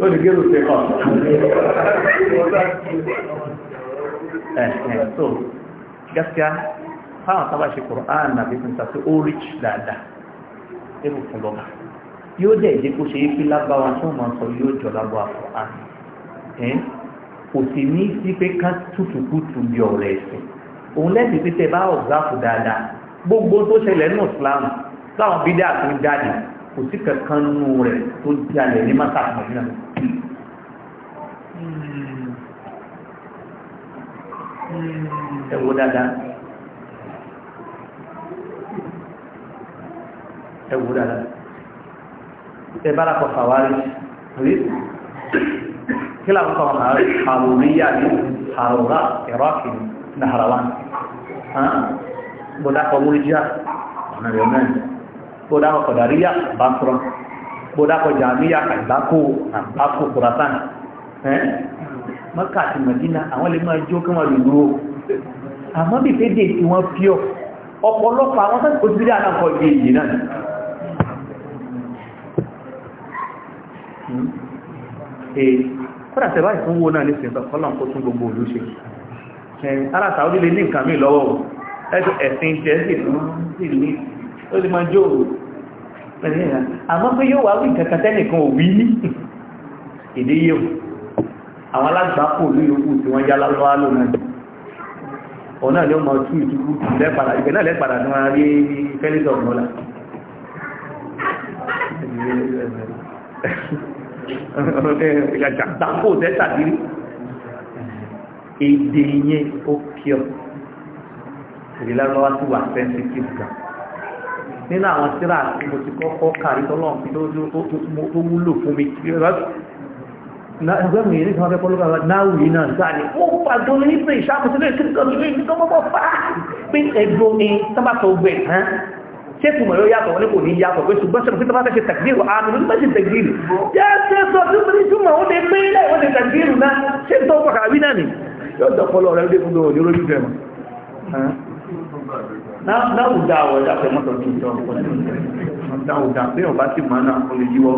ó lè gẹ́rù ṣe kọ́ ẹ̀ẹ̀ so gaskiya fáwọn sábà ṣe Kùránì àbí fún ìsàtí ó rí jù dáadáa ẹ̀rù fún lọ́ba yóò dẹ̀ jẹ́ kó ṣe é fi lágbára tó máa sọ yóò jọ lágbára Kùránì ẹ̀ kò sì ní sí pé ká tútùkútù bí ọ̀rẹ́ ẹ̀sìn òun lẹ́sìn pé tẹ bá ọ̀gá dáadáa gbogbo tó ṣẹlẹ̀ nù Islam táwọn bídà tún jáde kò sí kankan nù rẹ̀ tó di alẹ̀ ní maka àmàlínà ẹ wo dáadáa ẹ wo dáadáa ẹ bára kọ fàwárí rí kí làwọn kọ fàwárí àwòríyá ní àrọ̀rá iraki ní harawa bọ̀dá kọ múrí jíà ọ̀nà rẹ̀ mẹ́rin bóda àwọn kọ̀dàríyà àbákùrọ̀ bóda kọjá àmìyà àgbákò àbákò kùrasán mọ́kà àti mọ̀dínà àwọn lè máa jó kí wọ́n lè lú o àmọ́ bí fèdè tí wọ́n píọ̀ ọ̀pọ̀lọpọ̀ àwọn sẹ́kọ̀ọ́ sí ilé alákọ̀ọ́ yìí náà hmm? eh, kọ́dà tẹ́bá ìfún wo náà nísìn ọlọ́n kó tún gbogbo olú ṣe ara sàúdí lè ní nǹkan mí lọ́wọ́ ẹ̀sìn tẹ́sì sí ní ó lè máa jó àmọ́ pé yóò wá wí kankan tẹ́nìkan ò wí ní èdè yíò àwọn alágbàkò ní yòókù tí wọ́n já lálọ́wọ́ lónà ọ̀nà ni ó mọ̀ tú ìtukú lẹ́pàdà ìgbẹ̀ náà lẹ́pàdà ní wọ́n rí fẹ́lẹ́sọ̀ mọ́lá ìgbàgbàkò tẹ́tàdírí èdè yẹn ó kí ọ ìrìlárọ́wá nínú àwọn tíra tí mo ti kọ́kọ́ kàrí tọ́lọ́run tó wúlò fún mi ẹgbẹ́mù yìí ní kan fẹ́ pọ́lọ́gbà náàwù yìí náà sáà ní ó pàdó ní pé ìṣàkóṣílẹ̀ ìkíkọ̀ọ́lẹ̀ ìkíkọ̀ọ́lẹ̀ fàá pé ẹgbẹ́ ní tábàtọ̀ ọgbẹ̀ hàn ṣé tùmọ̀ yóò yàtọ̀ ní kò ní yàtọ̀ pé ṣùgbọ́n ṣẹ̀kùn tó bá fẹ́ ṣe tàgbìrù àmì ló bá ṣe tàgbìrù jẹ́ ṣe sọ tí ó ní túmọ̀ ó lè pé ilẹ̀ ó lè tàgbìrù náà ṣe tó láwùdá àwọ̀dá pẹ̀ mọ́tọ̀ tó jọ láwùdá pé ọba tí ma náà kò lè yíwọ́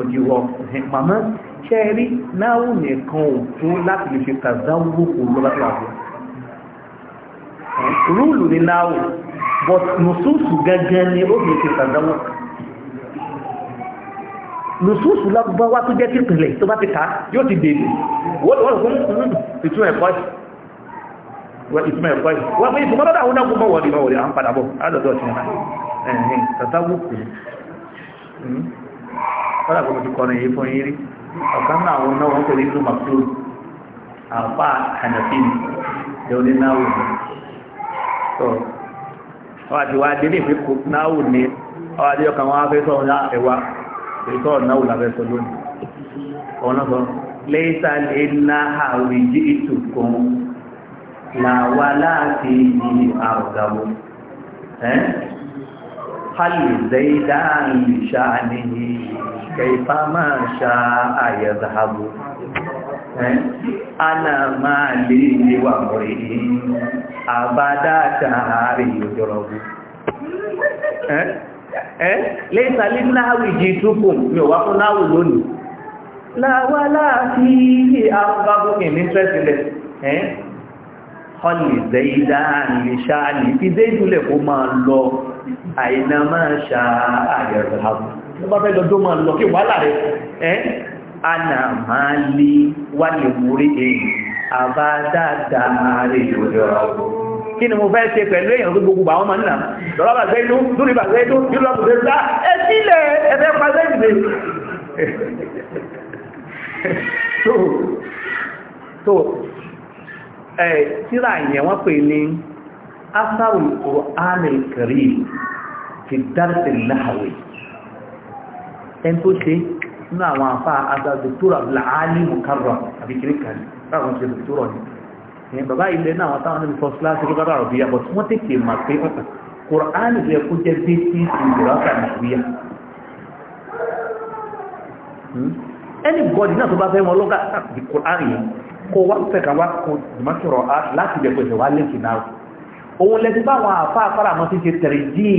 òdíwọ́ màmá ṣẹ́rí láwù nìkan ò fún láti lè ṣe kàzáwùkù lọ́lọ́pàá rúùlù ní láwù but nùsùsù gẹ́gẹ́ ni ó fi ṣe kàzáwùkù nùsùsù lágbọ́n wá tó jẹ́ tìpìlẹ̀ tó bá ti ká yóò ti dèbè wọ́n lọ́wọ́ fún ìtún ẹ̀kọ́ ìtumọ̀ ẹ̀kọ́ yìí wọ́n pé ìtumọ̀ lọ́dọ̀ àwọn ọ̀nàkùn bọ̀wọ̀ ìbọ̀wọ̀ rẹ̀ à ń padà bọ̀ àdọ̀dọ̀ ti náà ẹ̀hìn tàtàwù kù kọ́dà kò ti kọrin yìí fún yín rí ọ̀kan na àwọn náà wọ́n pẹ̀lú ìlú màkúrò àfà ànàfíì lórí náà wò to àti wá dé ní ìpínkù náà wò ní ọ àti ọkàn wọn á fẹ́ na ẹ̀wà ìtọ́ náà wò lábẹ́ sọ lónìí làwa láti di àrùgàwò eh? hali zaida ìṣà níhi kẹfà máa ṣá àyẹ̀zàbò eh? ana máa lè níwà mọ̀rí àbádáta ààrẹ ìjọrọ̀gbò lẹ́sà lè láwì jí túnkùn mi ò wá fún láwù lónìí láwà láti àrùgàwò ìmí kọ́lì zẹ́ìdá àmì ṣáàlì fi dé ìdúlẹ̀ kó máa lọ àìná máa ṣà àyẹ̀rẹ̀ ààbò tó bá fẹ́ lọ́dọ́ máa lọ kí wà láàrẹ̀ ẹ́ ànà máa lè wà lè múrí èyí àbá dáadáa rẹ̀ ìròyìn ọ̀rọ̀ kí [LAUGHS] tíra yẹn wọ́n pè ní asarul Qur'an al-Karim fi dars al-lahwi ẹn tó ṣe nínú àwọn afá adàdòtòrò làálì mukarram àbí kiri kan láwọn ṣe dòtòrò ni ẹ̀yìn bàbá ilẹ̀ náà wọ́n tó bá Qur'an yẹ kó jẹ́ bí tí ìgbèrà ọ̀tà nàìjíríà anybody náà tó bá fẹ́ wọn lọ́gà ah, the Qur'an kó wá fẹ̀ka wá kó jùmọ́sọ̀rọ̀ láti lè pèsè wá lè kìnnà òun lẹ́sí báwọn àfá afárá àmọ́ ti ṣe tẹ̀rẹ̀ dí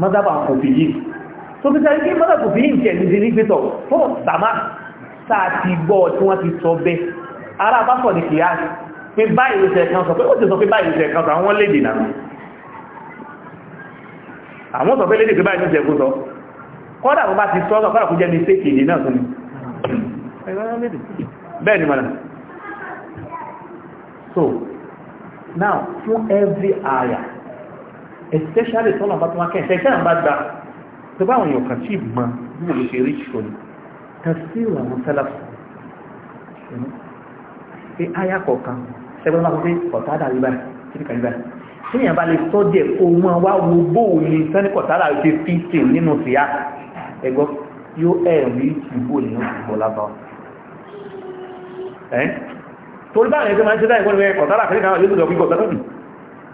mọ́sábà òfin yìí tó fi tẹ̀rẹ̀ dí mọ́sábà òfin yìí tẹ̀lé ní gbẹ́tọ̀ tó sàmà sáà ti gbọ́ tí wọ́n ti sọ bẹ́ ara bá sọ ní kìíyà pé báyìí ló kan sọ pé ó ti sọ pé báyìí ló kan sọ àwọn lédè so now fún every aya especially tọ́nà bá tó wá kẹ́ẹ̀ẹ́ tẹ́ẹ̀ bá gba tó bá àwọn èèyàn kan tí mọ bí wọ́n lè ṣe rí ṣòro tafsir àwọn sálàfù pé aya kọ̀ọ̀kan ṣẹgbẹ́ máa fún pé ọ̀tádà rí báyìí kíríkà rí báyìí tí èèyàn bá lè sọ díẹ̀ ohun àwa wo bóò ni sẹ́ni kọ̀tádà rí ṣe fíìtì nínú síyá ẹ̀gbọ́n yóò ẹ̀rí ìbò nínú ìbò lábọ́ ẹ́ torí báyìí ẹgbẹ́ máa ń ṣe dáì wọ́n rẹ̀ kọ̀tàrà kìrìkà àwọn yóò gbígbọ̀ tàbí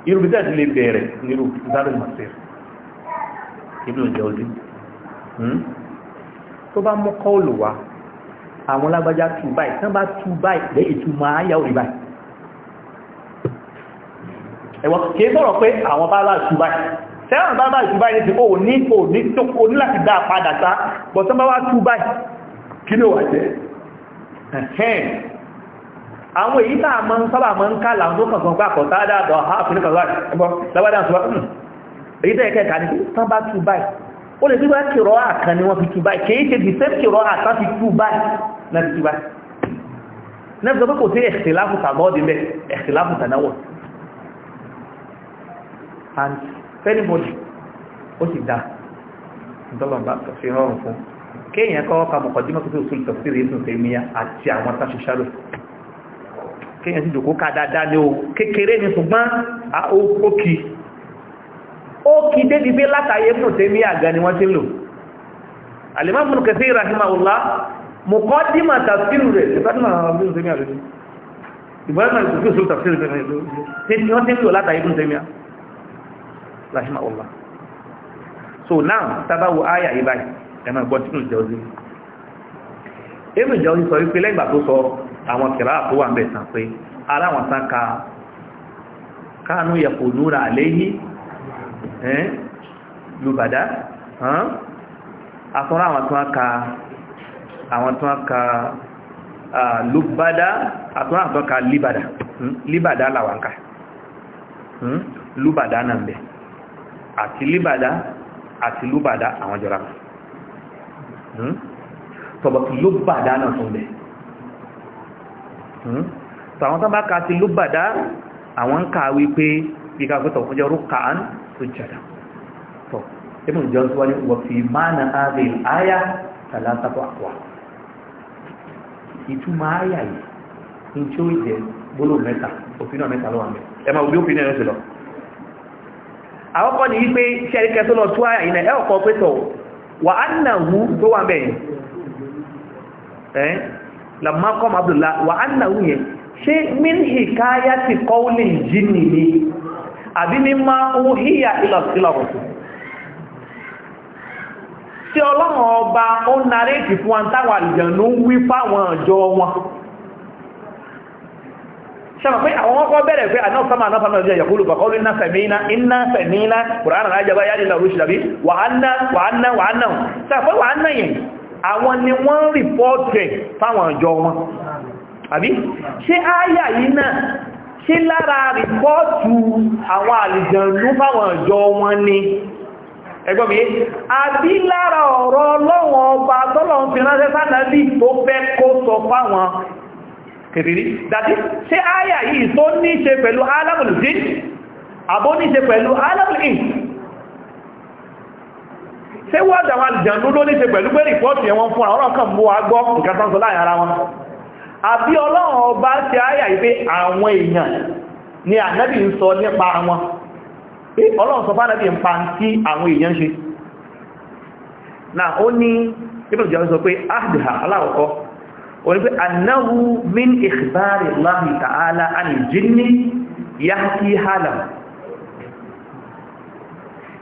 irú bíjá ti lè bẹ̀rẹ̀ nínú ìdádùn masir ibùdó jẹ́ ojú tó bá mọ́ kọ́ọ̀lù wa àwọn lágbájá tú báyìí tán bá tú báyìí lẹ́ ìtumọ̀ ayá orí báyìí ẹ̀wọ̀n kìí sọ̀rọ̀ pé àwọn bá láà tú báyìí sẹ́wọ̀n bá báyìí tú báyìí ní ti kó ní kò ní tó kó ní láti dá padà sá àwọn èyí tàà mọ́ sábà mọ́ ń ká làwọn tó kàn gbà kọ̀ sáádà àdọ̀ àfihàn kan láti ẹgbọ́ lábádà ń sọ hmm, èyí tẹ́ ẹ̀kẹ́ kàní tán bá tú báyìí ó lè bíbá kìrọ àkàn ni wọ́n fi tú báyìí kìí ṣe bí sẹ́m kìrọ àkàn fi tú báyìí náà fi tú báyìí náà fi sọ pé kò sí ẹ̀ṣìláfù tàbọ́ọ̀dì mẹ́ ẹ̀ṣìláfù tànáwọ̀ and anybody ó sì dá ìdọ́lọ̀mbà fi kéyàn sí jòkó ká dáadáa ní o kékeré ní ṣùgbọ́n ókì ókì débi bí látàyé fún tèmi àga ni wọ́n ti lò alimá fún kẹsí ìrahimahulá mọ̀kọ́ dímà tàfsírù rẹ̀ ìbájúmọ̀ so now tabawo aya ibai ẹ̀mọ̀ ìgbọ́n tí ó jẹ́ ozi. Ibn Jawzi sọ wípé lẹ́gbà tó sọ àwọn kìrá tó wà bẹ̀ sàn pé ara wọn sàn ka káànú yẹ̀kù núra àléyí lùbàdá àtúnrà àwọn tó wọ́n ka àwọn tó wọ́n ka lùbàdá àtúnrà àwọn tó wọ́n ka líbàdá líbàdá làwọn ka lùbàdá náà bẹ̀ àti líbàdá àti lùbàdá àwọn jọra tọ̀bọ̀tì lùbàdá náà tún bẹ̀ Hmm? so àwọn tán bá ka sí lúbàdá àwọn ń wípé kíkà pẹ́tọ̀ fún jẹ́ rúkà tó jẹ́dà so ibùn jọ sí wáyé wọ́n fi máàna ààrẹ àyà tàlátàpọ̀ àwà ìtumọ̀ àyà yìí ní tí ó mẹ́ta mẹ́ta mẹ́ ẹ sí lọ àwọn ni wípé tó lọ tó àyà yìí ẹ̀ lamakọ́m abdullah wà á nà wúyẹ ṣe mínhì káyá ti kọ́wọ́lẹ̀ ìjínì ni àbí ní máa owó híyà ìlọ̀sílọ̀rọ̀sù tí ọlọ́run ọba ó naréètì fún wọn táwọn àlìjànú ń wí fáwọn ọjọ́ wọn sábà pé àwọn ọkọ̀ bẹ̀rẹ̀ pé anáfàmà anáfàmà ọjọ́ ìyàkúlù kọ̀kọ́ ló iná fẹ̀míná iná fẹ̀míná kùránà rájábá yájẹ́ ìlà òrùsùlábí wàhánà wàhánà wàhánà sábà pé àwọn ni wọ́n ń rìpọ́ọ̀tù ẹ̀ fáwọn àjọ wọn àbí ṣé ááyà yìí náà ṣé lára rìpọ́ọ̀tù àwọn àlìjànú fáwọn àjọ wọn ni ẹgbọ́n mi àbí lára ọ̀rọ̀ ọlọ́wọ̀n ọba tọ́lọ̀un fi ránṣẹ́ sánàbí tó fẹ́ kó sọ fáwọn kèrèrè dàbí ṣé ááyà yìí tó ní ṣe pẹ̀lú alábùlùdín àbó ní ṣe pẹ̀lú alábùlùdín ṣé wọ́n dàwọn àjàndó ló ní ṣe pẹ̀lú pé rìpọ́ọ̀tì ẹ̀wọ̀n fún ọ̀rọ̀ kan bó agbọ́ nǹkan tán sọ láàrin ara wọn àbí ọlọ́run ọba ti ayà ìpé àwọn èèyàn ni ànábì ń sọ nípa wọn ọlọ́run sọ fánàbì ń pa tí àwọn èèyàn ṣe na ó ní ibùdó jẹ́ sọ pé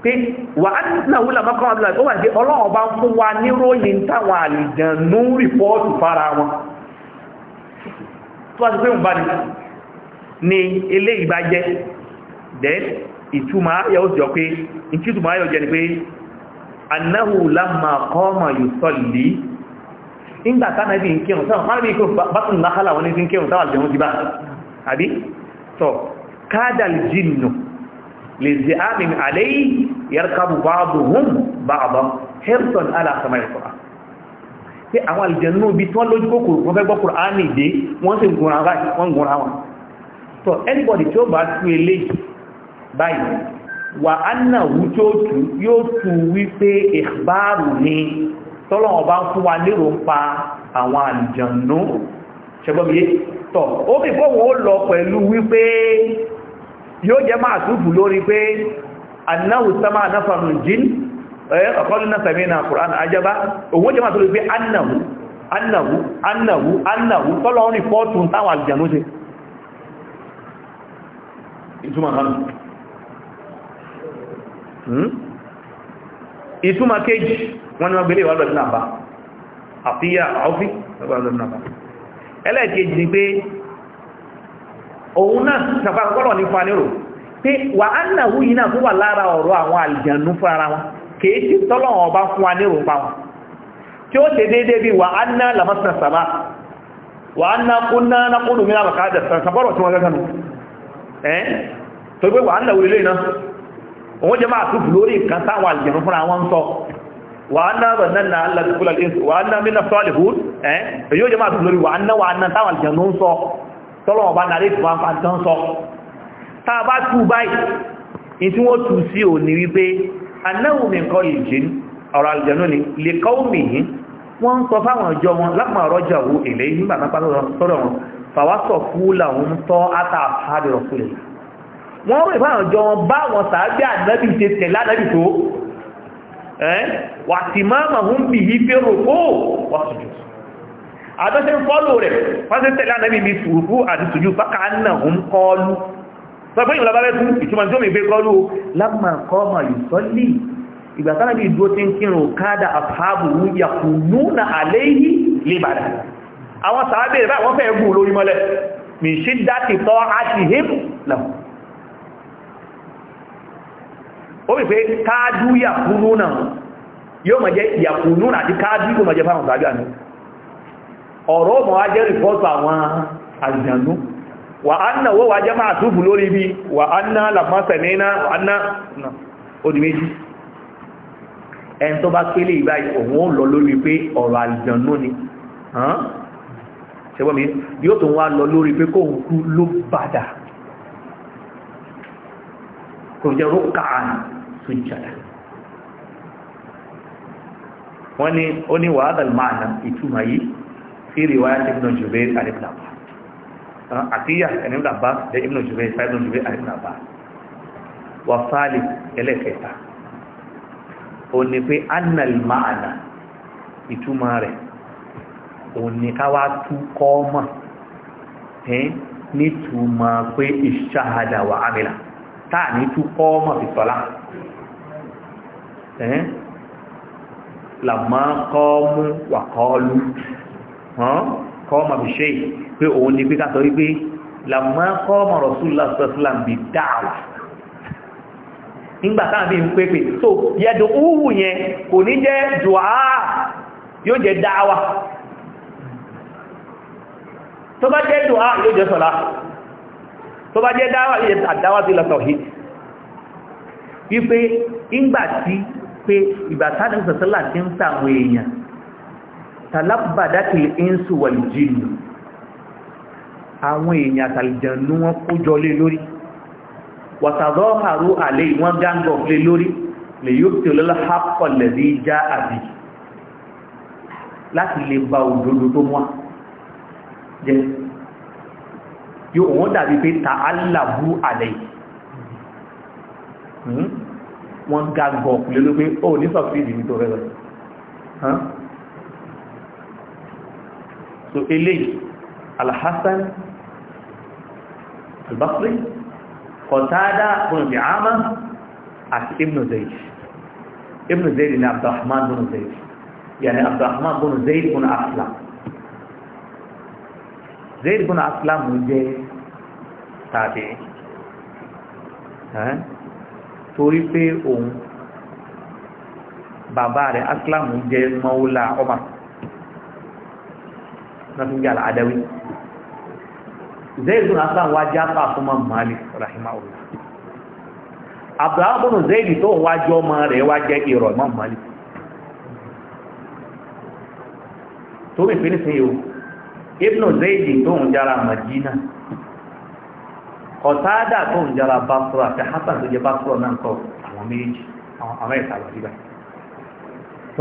pé wà á náà wúlà mọ́kàn àbúlà ó wà ní ọlọ́run bá ń fún wa níròyìn táwọn àlìjànú rìpọ́ọ̀tù fara wọn tó wá sí pé ń bá ní ní ilé ìbá jẹ́ then ìtumọ̀ ayọ̀ jọ pé ìtumọ̀ ayọ̀ jẹ́ ni pé annahu lamma qama لازدحام عليه يركب بعضهم بعضا حرصا على سماع القرآن pé àwọn àlìjẹ̀nú ibi tí wọ́n lójú kòkòrò wọ́n fẹ́ gbọ́ Kùránì dé wọ́n sì gùnra báyìí wọ́n gùnra wọn so anybody tí ó bá tú elé báyìí wà á náà wú tí ó tú yóò tú wípé ìbáàrù ni tọ́lọ̀ ọba ń wa lérò ń pa àwọn àlìjẹ̀nú ṣẹgbọ́n mi yé tọ́ ó fi kó wọn ó lọ pẹ̀lú yóò jẹ́ máa túbù lórí pé annáhù sama náfàrún jín ọ̀kọ́lù náà sàmì náà kùránà ajaba òun jẹ́ máa tó lè pé annáhù annáhù annáhù annáhù tọ́lọ ní fọ́tún táwọn àjànú ṣe ìtumà hmm? kejì wọn ni wọ́n gbélé ìwádọ̀ òun náà sàfà gbọ́dọ̀ ní fanirò pé wà á nà wú yìí náà tó wà lára ọ̀rọ̀ àwọn àlìjànú fún ara wọn kìí tí tọ́lọ̀ ọba fún wa nírò pa wọn tí ó ṣe déédé bí wà á ná lamasna sàbá wà á ná kó ná ná kó lómi lábàká àjà sàbọ̀rọ̀ tí wọ́n gẹ́gẹ́ nù ẹ́ tó gbé wà á nà wúlé náà òun jẹ́ tọ́lọ́wọ̀n bá darí ìfún afá tán sọ tá a bá tú báyìí ní tí wọ́n tú sí ò ní wípé anáwùmí nǹkan ìjìn ọ̀rọ̀ àlùjẹ̀nú ni lè kọ́ òmì yìí wọ́n ń sọ fáwọn ọjọ́ wọn lápá ọ̀rọ̀jà wo èlé nígbà pápá sọ́dọ̀ wọn fàwásọ̀ fú làwọn tọ́ átà àfáàdì rọ̀kúlẹ̀ wọ́n rò ìfáwọn ọjọ́ wọn bá wọn sàábí ànábì ṣe tẹ̀lá ànábì tó wà sí máa mà ń bì í fẹ́ràn ó wà sùjúdù àtọ́sẹ́ ń fọ́lò rẹ̀ fásitì tẹ̀lé ànábì mi sùúrù àti sùjú bákà náà ń kọlu sọpé ìwọ̀n lábábẹ́ tún ìtumọ̀ tí ó mi gbé kọlu lámà kọ́mà ìsọ́lì ìgbà tánàbí ìdúró tí ń yóò mọ̀ jẹ́ yàkùnú àti káàdù yóò mọ̀ jẹ́ fáwọn sàábẹ̀ àná ọ̀rọ̀ ọmọ wá jẹ́ rìpọ́tù àwọn àjànú wà á nà wó wà jẹ́ máa túbù lórí bí wà á ná làmọ́sẹ̀ ní iná wà á ná odìméjì ẹn tó bá pélé ìgbà òun ó lọ lórí pé wọ́n ni ó ní wàhálà máa nà ìtumà yìí في رواية ابن جبير عن ابن عباس عطية عن ابن عباس ده ابن جبير فابن جبير عن ابن عباس والثالث إليكتا òní pé annal ma'ana ìtumọ̀ rẹ̀ òní káwá tú kọ́ọ̀mọ̀ ẹ́n nítumọ̀ pé ìṣáhadà wà ámìlà táà ní tú kọ́ọ̀mọ̀ fi sọ́lá ẹ́n làmọ́ kọ́ọ̀mù wà kọ́ọ̀lú kọ́ọ̀mà fi ṣe pé òun ni pé ká sọ wípé làmọ́ kọ́ọ̀mà rọ̀súlà sọ́sílà bí dáàwà nígbà táà bí ń pépè so yẹ̀dù úhù yẹn kò ní jẹ́ dùá yóò jẹ́ dáàwà tó bá jẹ́ dùá yóò jẹ́ sọ̀lá tó bá jẹ́ dáàwà yóò jẹ́ àdáwà sí lọ́tọ̀ talabbadatil insu wal jinnu àwọn èèyàn àtàlìjànú wọn kójọ lé lórí wàtàdọ́ àrú àlè wọn gángọ̀ lé lórí lè yóò tí olóla hapọ̀ lẹ̀dí já àbí láti lè ba òdodo tó mọ́ jẹ́ yóò wọ́n dàbí pé ta aláàbú àlè wọ́n gángọ̀ lé lórí pé ó oh, ní sọ̀fíìdì ní tó rẹ̀ rẹ̀ so eléyìí alhassan albasri kọ̀tádá bùn bìámá àti ibnu zayd ibnu zayd ni abdulrahman bùn zayd yàni abdulrahman bùn zayd bùn aslam zayd bùn aslam jẹ́ tàbí torí pé òun bàbá rẹ̀ aslam jẹ́ mọ́wúlá Umar náà fi ń jẹ́ àdáwí zaid bin hasan wá jẹ́ apá fún mọ́mù malik rahimahullah abdullahi bin zaid tó wá jẹ́ ọmọ rẹ̀ wá jẹ́ ìrọ̀ mọ́mù malik tó mi fi ní sin yòó ibn zaid tó ń jára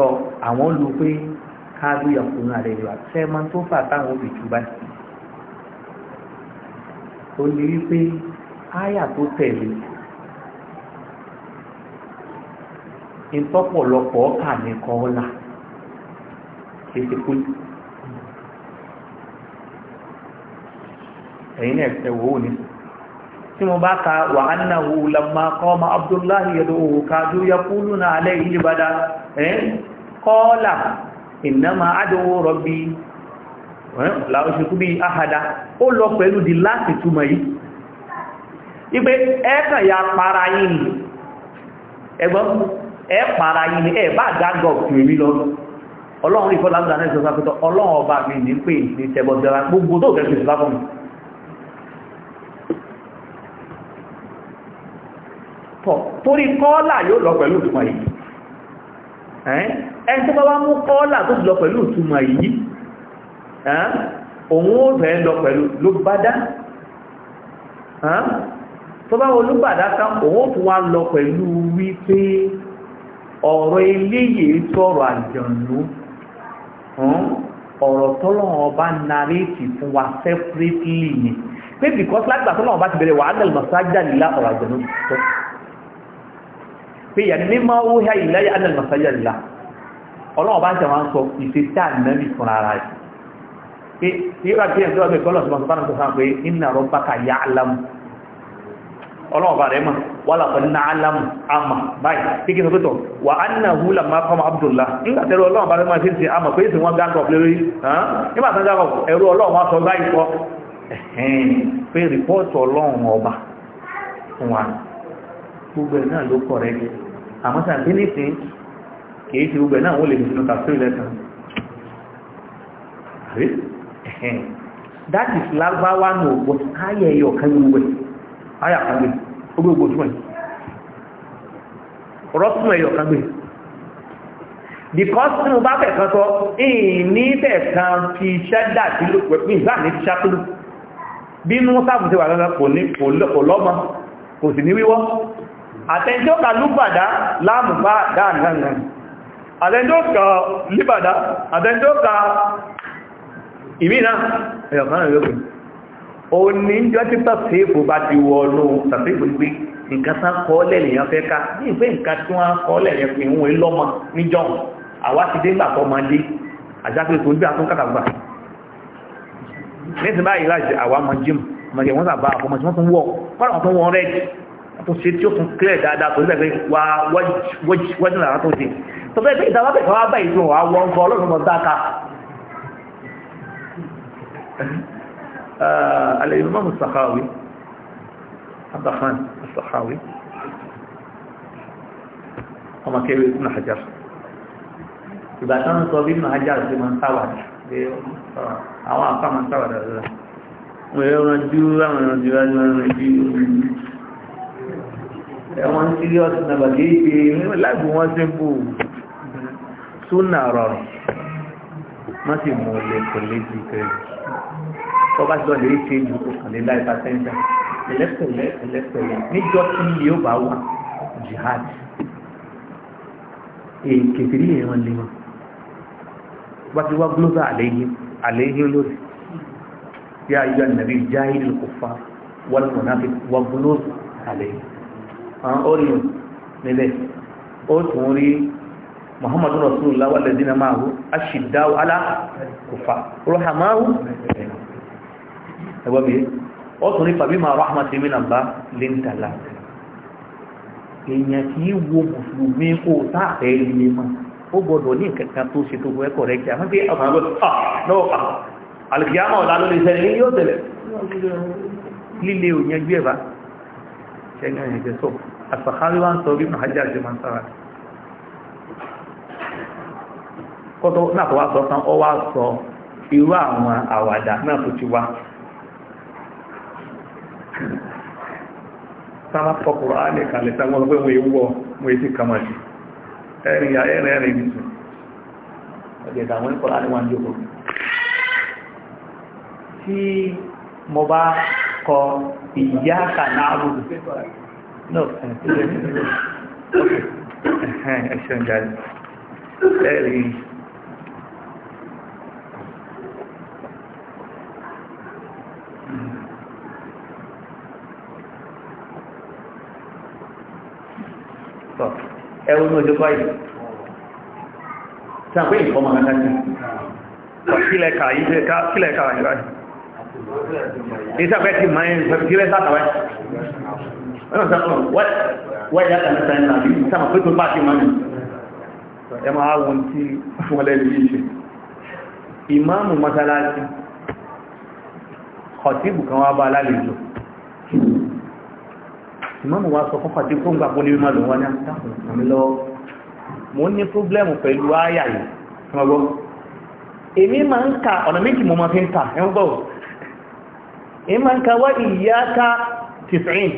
basra káàlù yàkùnrin àrẹ ìwà sẹ́mọ́ tó fà táwọn òbí jù bá sí ó ní wípé áyà tó tẹ̀lé ìtọ́pọ̀lọpọ̀ ọkà ní kọ́ọ́là kéde kúlù ẹ̀yin náà ẹ̀ wò ó ní tí mo bá ka wà á nà wò lamma qama abdullahi yẹ̀dọ̀ òwò káàdù yaquluna alayhi bada ẹ̀ kọ́ọ́là. ìnáma adówó rọ̀bí láwọn ṣekú bí áhàdá ó lọ pẹ̀lú di láti túmọ̀ yìí ipé ẹ́kàn ya para yìí ni ẹgbọ́n ẹ para yìí ni ẹ bá dágọ̀ kìrì lọ ọlọ́run ìfọ́ ọlọ́run ọba ní torí yóò lọ pẹ̀lú ìtumọ̀ ẹni tó bá wá mú kọ́ọ́là tó lọ pẹ̀lú ìtumọ̀ yìí òun ó fẹ́ lọ pẹ̀lú ló bá dá tó bá wọn olúbàdá ká òun ó tún wá lọ pẹ̀lú wípé ọ̀rọ̀ eléyìí tọrọ àjọ̀nú ọ̀rọ̀ tọ́lọ́wọ́n ọba naréètì fún wa separately ni pé because lágbà tọ́lọ́wọ́n ọba pé yà mímọ́ ó yá ìlẹ́yà alẹ́lẹ́mọ̀sáyà ìlà ọlọ́wọ́ bá ń tẹ̀wọ́n sọ ìfẹ́tà nẹ́bì fún ara rẹ̀ pé yíra kí ẹ̀ sọ́wọ́ pé kọ́lọ̀ sọ́wọ́ sọ́wọ́ sọ́wọ́ sọ́wọ́ pé iná rọ bá ka yá alamu ọlọ́wọ́ bá rẹ̀ mọ̀ wà lápọ̀ ní alamu ama báyìí abdullah nígbà tẹ́rù ọlọ́wọ́ bá rẹ̀ máa ti ń sin ama pé èsì wọn gángọ̀ lórí nígbà tán gángọ̀ ẹ̀rù ọlọ́wọ́ wọn sọ báyìí kọ́ pé rìpọ́ọ̀tù ọlọ́wọ́ ọba fún wa gbogbo ẹ̀ náà ló kọ̀ àmọ́ sáà tí nìsín kìí ṣe gbogbo ẹ̀ náà wọ́n lè fi sínú tàbí lẹ́tàn that is lágbáwá nù but ayẹ ẹyọ kan gbogbo ẹ̀ ayà kan gbé gbogbo túnmọ̀ rọ́pùn ẹyọ kan gbé because tí mo bá fẹ̀ kan sọ ìní fẹ̀ kan fi iṣẹ́ dà sí lópin ìgbà ní ti ṣàkúlù bí mú sáàbù ti wà lọ́nà kò lọ́mọ kò sì ní wíwọ́ àtẹ́jọ́ ka lúgbàdá láàmùbá dáadáa àtẹ́jọ́ ka líbàdá àtẹ́jọ́ ka ìmìnà ẹ̀yọ̀kan rẹ̀ lókùn o ní jọ tí tàfíìfù bá ti wọ ọ̀nà tàfíìfù gbé nǹkan tán kọ́ọ́lẹ̀ lèyàn fẹ́ ká ní ìfẹ́ nǹkan tí wọ́n kọ́ọ́lẹ̀ yẹn fi ìwọ̀n lọ́mọ níjọ́ àwa ti dé gbà tọ́mọ dé àjápẹ́ tó ń gbé àtúnkàtàgbà nítorí báyìí láti àwa mọ jíìmù mọ̀ tó ṣe tí ó tún clear dáadáa tó lẹ́gbẹ̀ẹ́ wá wọ́jú làwọn tó ṣe tó bẹ́ẹ̀ pé ìdáwà bẹ̀ẹ̀ wá bá ìlú wa wọ́n kọ́ ọlọ́run lọ dáka alẹ́ ìmọ̀ mùsàkáwí abdulhan mùsàkáwí ọmọ kẹwé ibùn hajar ìgbà tó ń sọ bí ibùn hajar ṣe máa ń sáwàdà àwọn àpá máa ń sáwàdà rẹ̀ wọ́n yẹ́ wọn ju àwọn ìrìnàjò ẹ̀wọ̀n serious number kìí ṣe láìpù wọ́n simple súnà rọrùn wọ́n sì mú olè kò lè di kẹrì tó bá jọ lè ṣe ìlú kọkànléláì pàṣẹ́ńtà ẹlẹ́pẹ̀lẹ́ ẹlẹ́pẹ̀lẹ́ níjọ́ tí ilé ó bá wà jihad kèfèrí èèyàn lè wọn bá ti wá glóòsà àléhí olóòsì bí ayọ́ nàbí jáhìlì kò fa wọ́n mọ̀ náà fi wá glóòsà àléhí àwọn orion níbẹ̀ ó tún rí muhammadu wà máa hù alá kùfà ẹgbọ́bí ó tún rí ma rahmatu minallah lintala èèyàn kì í wo mùsùlùmí kó táàfẹ́ ilé mọ́ ó gbọ́dọ̀ ní kankan tó ṣe tó wẹ́kọ̀ rẹ̀ kí ẹ̀bá ṣẹ́yìn ẹ̀yìn jẹ́ so àṣàkárí wá ń sọ ibùn hajjá ṣe máa ń sára kọ́tọ́ ọ wá sọ irú àwọn àwàdà náà tó ti wá sábà fọkùrọ̀ á lè kalẹ̀ sáwọn ọgbẹ́ wọn èwọ́ wọn èsì kàmọ̀lì eri ya ẹ̀rìn ẹ̀rìn nìtù mo ba kọ ìyá kàná àbúrò no ẹ̀ṣẹ̀ ń jáde ẹ̀rí ẹ̀rù ní ojú báyìí tí a pé ìfọ́mọ̀ látàkì kílẹ̀kà yìí báyìí ìsàfẹ́ ti mọ̀ ẹ́ ìfẹ́ sátàwẹ́ wọ́n yá kàmẹ́ta ẹ̀ nàbí sáàmà pé tó bá ti mọ̀ ní ẹ máa wọn tí wọ́n lẹ́nu yìí ṣe ìmáàmù mọ́sálásí kọ̀tíbù kan wá bá alálejò ìmáàmù wá sọ fún kọ̀tíbù tó ń gbà pólí mímọ̀ lọ́wọ́ ní àmì lọ́wọ́ mo ní pọ́blẹ́mù pẹ̀lú áyà yìí èmi máa ń ka ọ̀nà méjì mo máa fi ń ka ẹ̀ ń gbọ́ ìmọ̀ nǹkan wá ìyáká tìfìn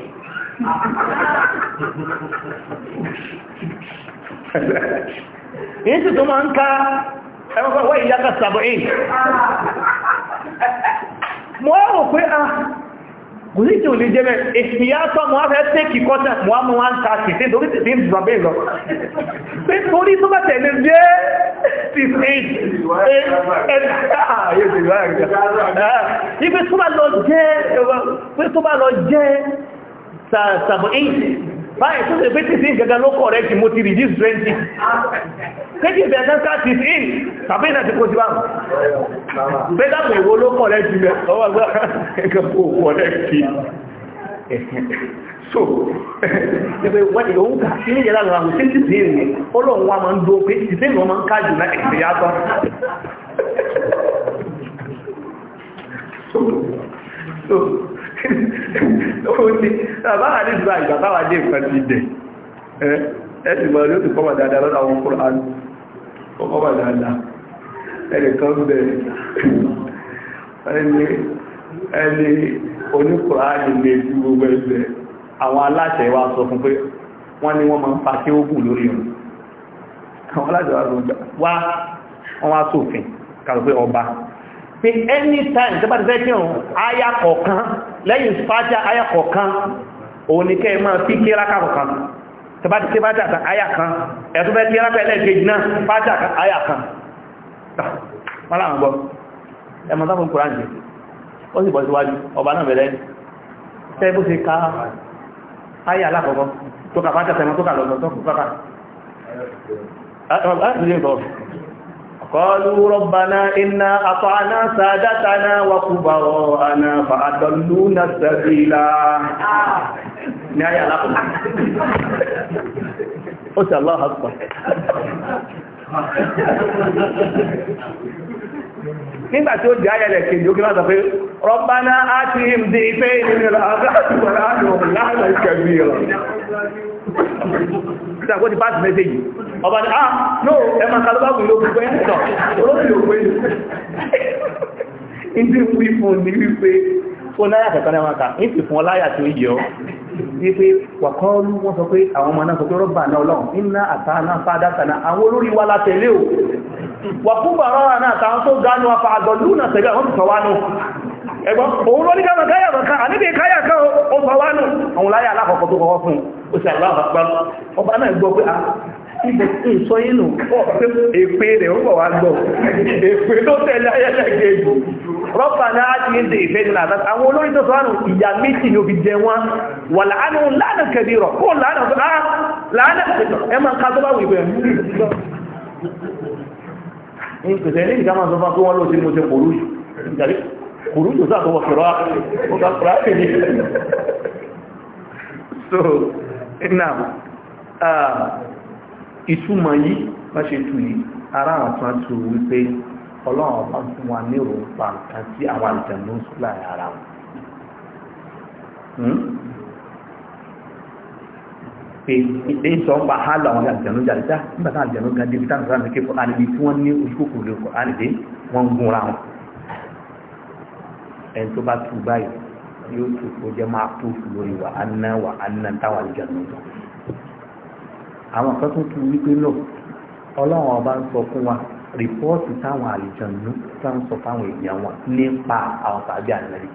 èyí sì tó máa ń ká ẹmọ́kọ̀ wá ìyáká sàbọ̀ kò sí tí ò lè jẹ́ bẹ́ ìfìyàtọ̀ mọ́ fẹ́ tẹ́kì kọ́tẹ̀ mọ́ wọ́n ta sí tí torí tí ń zọ̀bẹ́ lọ pé torí tó bá tẹ̀lé jẹ́ ti fi ìgbé tó bá lọ jẹ́ pé tó bá lọ jẹ́ sàbọ̀ 8 báyìí tó lè pé tí sí gẹ́gẹ́ ló kọ̀ rẹ̀ kì mo ti reduce 20 kéjì ìbẹ̀ sẹ́ńtà ti fi ìn tàbí ìnà ti kó ti bá mú pé dàpọ̀ ìwo ló kọ̀ lẹ́jì mẹ́ ọwọ́ gbá ẹgbẹ́ kó wọ̀ lẹ́jì so ẹgbẹ́ wọ́n ìlú ń kà sí ní ìyẹ́lá àwọn tí ti dìé ní ọlọ́run wa máa ń dó pé ìdí ìlú máa ń ká jù náà ẹ̀sẹ̀ yàtọ̀ ó ní bàbá àdìsí bá ti dẹ̀ ẹ́ ẹ̀sìn mọ̀ ní ó ọmọ wà dáadáa ẹnìkan bẹ̀rẹ̀ ẹni oníkùrá nílé tí gbogbo ẹgbẹ̀ àwọn aláṣẹ wa sọ fún pé wọ́n ní wọ́n máa ń pa kí ó gùn lórí ọ̀run àwọn aláṣẹ wa sọ wá wọ́n wá sófin kàrò pé ọba pé anytime tí ti fẹ́ kí ọ̀run aya kọ̀ọ̀kan lẹ́yìn fájá aya kọ̀ọ̀kan òun ni kẹ́ máa fi kí rákà kọ̀ọ̀kan tẹbátí tí bá jàtà àyà kan ẹ̀tún bẹ́ tí ẹran pẹ̀lẹ̀ kejì náà bá jàtà àyà kan wọ́n láwọn gbọ́ ẹmọ sáfún kùrán jẹ́ ó sì bọ́ síwájú ọba náà bẹ̀rẹ̀ tẹ́ bó ṣe ká àyà alákọ̀ọ́kọ́ tó kà fájà tẹmọ tó kà lọ́nà tó kù fákà قالوا ربنا إنا أطعنا سادتنا وكبراءنا ní ayé alákọ̀ọ́ ó sì aláwọ̀ àpọ̀ nígbà tí ó di ayé kejì ó kí láti pé rọ́bánà áti him di ife ìrìnlẹ̀ àgbàtúwọ̀lá àdùn láàrín ìkẹ̀bí rẹ̀ ìtàkó ti pàtì mẹ́sẹ̀jì ọba ni ah no ẹmà kalọ́bàgùn ló gbogbo ẹ̀sọ̀ olóòfin òpin ó láyà kẹ̀kọ́ náà kà ń fi fún ọ láyà tó yẹ ọ wípé wàkọ́ọ́lù wọ́n sọ pé àwọn ọmọ náà sọ pé rọ́bà náà lọ́wọ́ iná àtà náà àwọn olórí wa látẹ̀lé o wàkúbà rọ́rà náà tàwọn tó gánú afa àgọ̀lú náà tẹ̀lé àwọn tó wánú ẹgbọ́n òun ló ní káàmà káyà kan àníbi káyà kan ó sọ wánú àwọn láyà ibẹ̀ ìsọ inú èpè rẹ̀ ó bọ̀ wá gbọ́ èpè ló tẹ̀lé ayẹ́lẹ́gẹ̀ ìbò rọ́pà náà ti ń dè ìfẹ́ nínú àtàkì àwọn olórin tó sọ́rọ̀ ìyà méjì ni òbí jẹ wọn wà láàánú lánà kẹbí rọ̀ kó lánà tó áá ah, lánà ẹ máa ká tó bá wù ìbẹ̀ ń pèsè ní ìdámà sọ fún wọn lóòsí mo ṣe kòrú kòrú tó sáà tó wọ uh, ìtumọ̀ yìí wọ́n ṣe tù yìí ara àwọn kan tó wípé ọlọ́run ọba fún wa ní òrùpa nǹkan tí àwọn àìsàn ló ń sùn láàrin ara wọn hmm? pé ìdè sọ ń pa hálà àwọn àjẹ̀nú jáde dá nígbà tá àjẹ̀nú gan débi táwọn sáà nìké fún àníbi tí wọ́n ní ojúkòkò lè kọ́ àníbi wọ́n ń gúnra wọn ẹni tó bá tù báyìí yóò tù kó jẹ́ máa tó fún lórí wa á wa á táwọn àjẹ̀nú gan àwọn kan tún kí wípé lọ ọlọ́run ọba ń sọ fún wa rìpọ́ọ̀tì táwọn àlìjọ̀nù tá ń sọ fáwọn èèyàn wọn nípa àwọn tàbí ànábì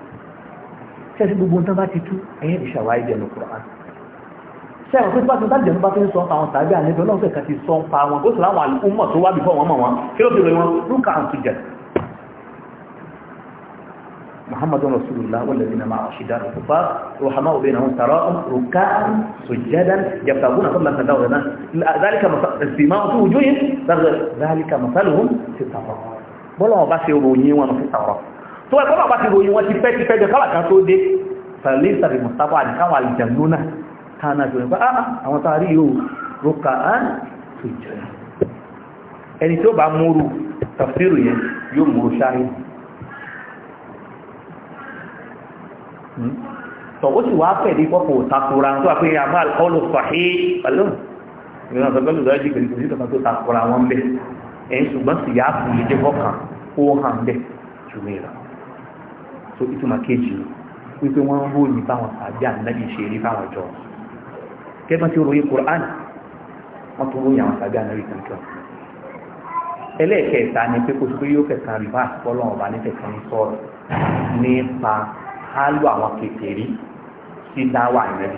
ṣẹ́ẹ̀sì gbogbo nǹkan bá ti tú ẹ̀yẹ́ ìṣàwá ìjẹun kùrọ̀án sẹ́wọ̀n pé bá ti bá bá fi ń sọ àwọn tàbí ànábì ọlọ́run fẹ̀ka ti sọ ń bó sì láwọn àlùkùn mọ̀ tó wá bí fọ́ wọn mọ̀ wọn kí ló fi rẹ wọn lúkà ń tujẹ̀ محمد رسول الله والذين مع رشدان وكفار رحماء بينهم تراهم ركاء سجدا يبتغون فضلا من دورنا ذلك مثلهم في وجوههم ذلك مثلهم في التفاق بلا بس يبونيون وفي التفاق تو بلا بس يبونيون وفي بيت بيت كلا كاتو دي فليس بمصطفى عن كان والجنون كان جنون فأه آه، أما تاريو ركاء سجدا يعني تو بامورو تفسيره يوم مرشاهي tọ̀wọ́ hmm? sì wá pẹ̀lú pọ́pọ̀ takora tó wà pé àmà alkọ́lù fàáhí pẹ̀lú ìrìnà sọ́gbẹ́lù lọ́jì pẹ̀lú kò sí tọ̀kan tó takora wọn bẹ̀ ẹ̀yìn ṣùgbọ́n sì yá fún ìjẹ́ fọ́kàn ó hàn bẹ̀ so ìtumà kejì wípé wọ́n ń ròyìn báwọn tàbí ànábì ṣe rí báwọn jọ kẹ́gbọ́n tí Qur'an wọ́n tún ròyìn àwọn tàbí ànábì kankan ẹlẹ́ẹ̀kẹta ni pé kò sí pé yóò kẹta rìvá àtìpọ́lọ́ ọ̀bá nípa hálù àwọn kékeré sí dáwà rẹ̀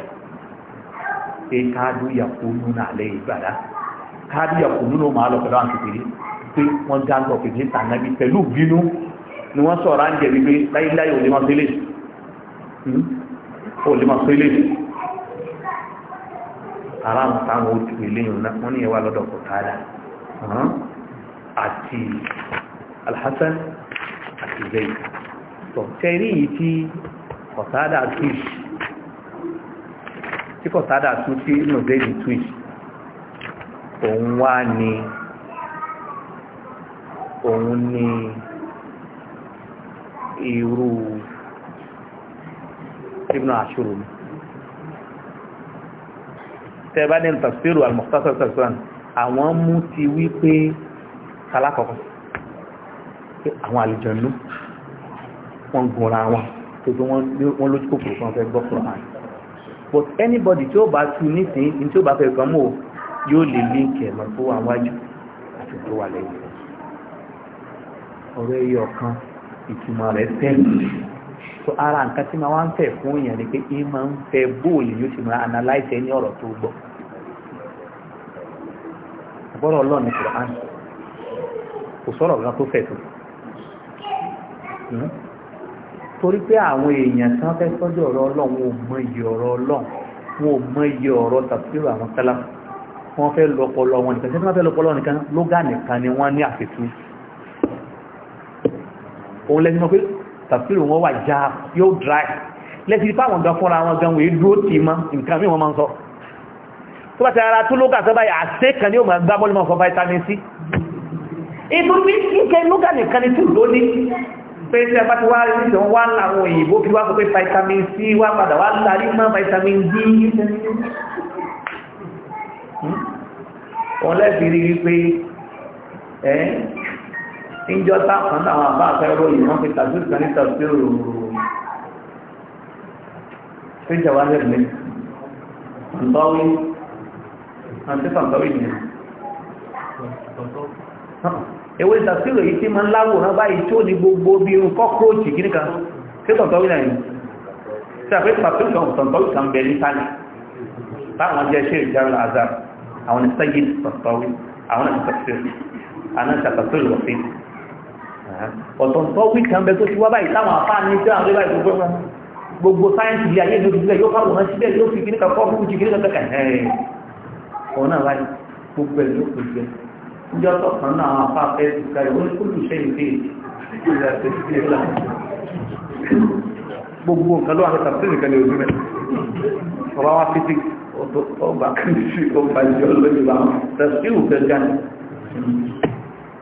pé káàdù yàkúnú náà lè ìgbàdá káàdù yàkúnú ló máa lọ pẹ̀lú àwọn kékeré pé wọ́n já lọ kékeré tànàbí pẹ̀lú bínú ni wọ́n sọ̀rọ̀ à ń jẹ̀ wípé láyéláyé ò lè máa fẹ́lẹ̀ hmm? ò lè máa fẹ́lẹ̀ ara ń táwọn ojú eléyìn náà wọ́n ní ẹwà lọ́dọ̀ kò tààdà àti alhassan àti zayd tọ̀ tẹ́rí yìí tí kọ̀sádà twitch tí kọ̀sádà tún tí nùbẹ́lì twitch òun wá ní òun ní irú ibn ashuru mi tẹ́ bá ní tafsiru al-mukhtasar tafsiran àwọn mú ti wí pé kálákọ̀ọ́kọ́ àwọn àlùjànnú wọ́n gunra wọn tó tó wọ́n lójú kòkòrò kan but anybody tí ó bá tu nísìnyí ní tí ó bá fẹ́ mọ́ yóò lè líǹkì ẹ̀ lọ tó wà wájú àti tó wà lẹ́yìn ìtumọ̀ rẹ̀ ara nǹkan ma wá ń fẹ́ fún èèyàn ni pé ẹ máa ń fẹ́ bóòlù yóò ti máa torí pé àwọn èèyàn tán fẹ́ tọ́jú ọ̀rọ̀ ọlọ́run wọn ò mọ iye ọ̀rọ̀ ọlọ́run wọn ò mọ iye ọ̀rọ̀ tàbílù àwọn tẹ́lá wọ́n fẹ́ lọ́pọlọ wọn nìkan tí wọ́n fẹ́ lọ́pọlọ nìkan lóga nìkan ni wọ́n ní àfẹ́tú òun lẹ́sìn mọ́ pé tàbílù wọn wà já yóò dry lẹ́sìn ipá àwọn gan fúnra wọn gan wèé dúró tì mọ́ nǹkan mí wọ́n máa ń sọ tó bá ti ara tó lóga sọ báyìí àṣẹ kan ni ó máa gbá bọ́ọ̀lù mọ́ fọ vitamin c ètò bí ìkẹ́ lóga nìkan ni tù lónìí pé tí a bá ti wá rí ìdán wá láwọn òyìnbó fi wá sọ pé vitamin c wá padà wá lárí mọ́ vitamin d wọ́n lẹ́sìn rí wípé ẹ́ ìjọ táàkùn náà àwọn àbá àfẹ́rọ ìwọ̀n fi tàbí kan ní tàbí òòrùn fíjà wá ewé ìsàsílò yìí tí ma ń láwòrán báyìí tí ó ní gbogbo bí irun kọ́kọ́ọ̀tì kí níkan tí tọ̀tọ̀ wí náà tí a fẹ́ pàtíkà tọ̀tọ̀ wí kan bẹ̀rẹ̀ ìtàlì táwọn jẹ́ ṣe ìjára azar àwọn ìsẹ́yìn tọ̀tọ̀ wí àwọn ìsàsílò anáṣàtàtòlù wọ̀fẹ́ ọ̀tọ̀tọ̀ wí kan bẹ tó ti wá báyìí táwọn afá ní tí àwọn ìbáyìí gbogbo sáyẹ́ǹsì ilé ayé lójú ilẹ̀ yóò fáwọn ọ̀nà síbẹ̀ yóò fi kíníkà kọ́ fún jù kíníkà ẹ̀ẹ́ ọ̀nà wáyé gbogbo ẹ̀ ló jẹ́ níjọ́ tọ̀kan náà àwọn afá fẹ́ ìgbà ìwọ́n kúrò ṣe ìfẹ́ ìgbà ní tàbí nìkan ní ojú rẹ̀ kan sí ọba ìjọ lórí wa tẹ̀sí òfẹ́ gan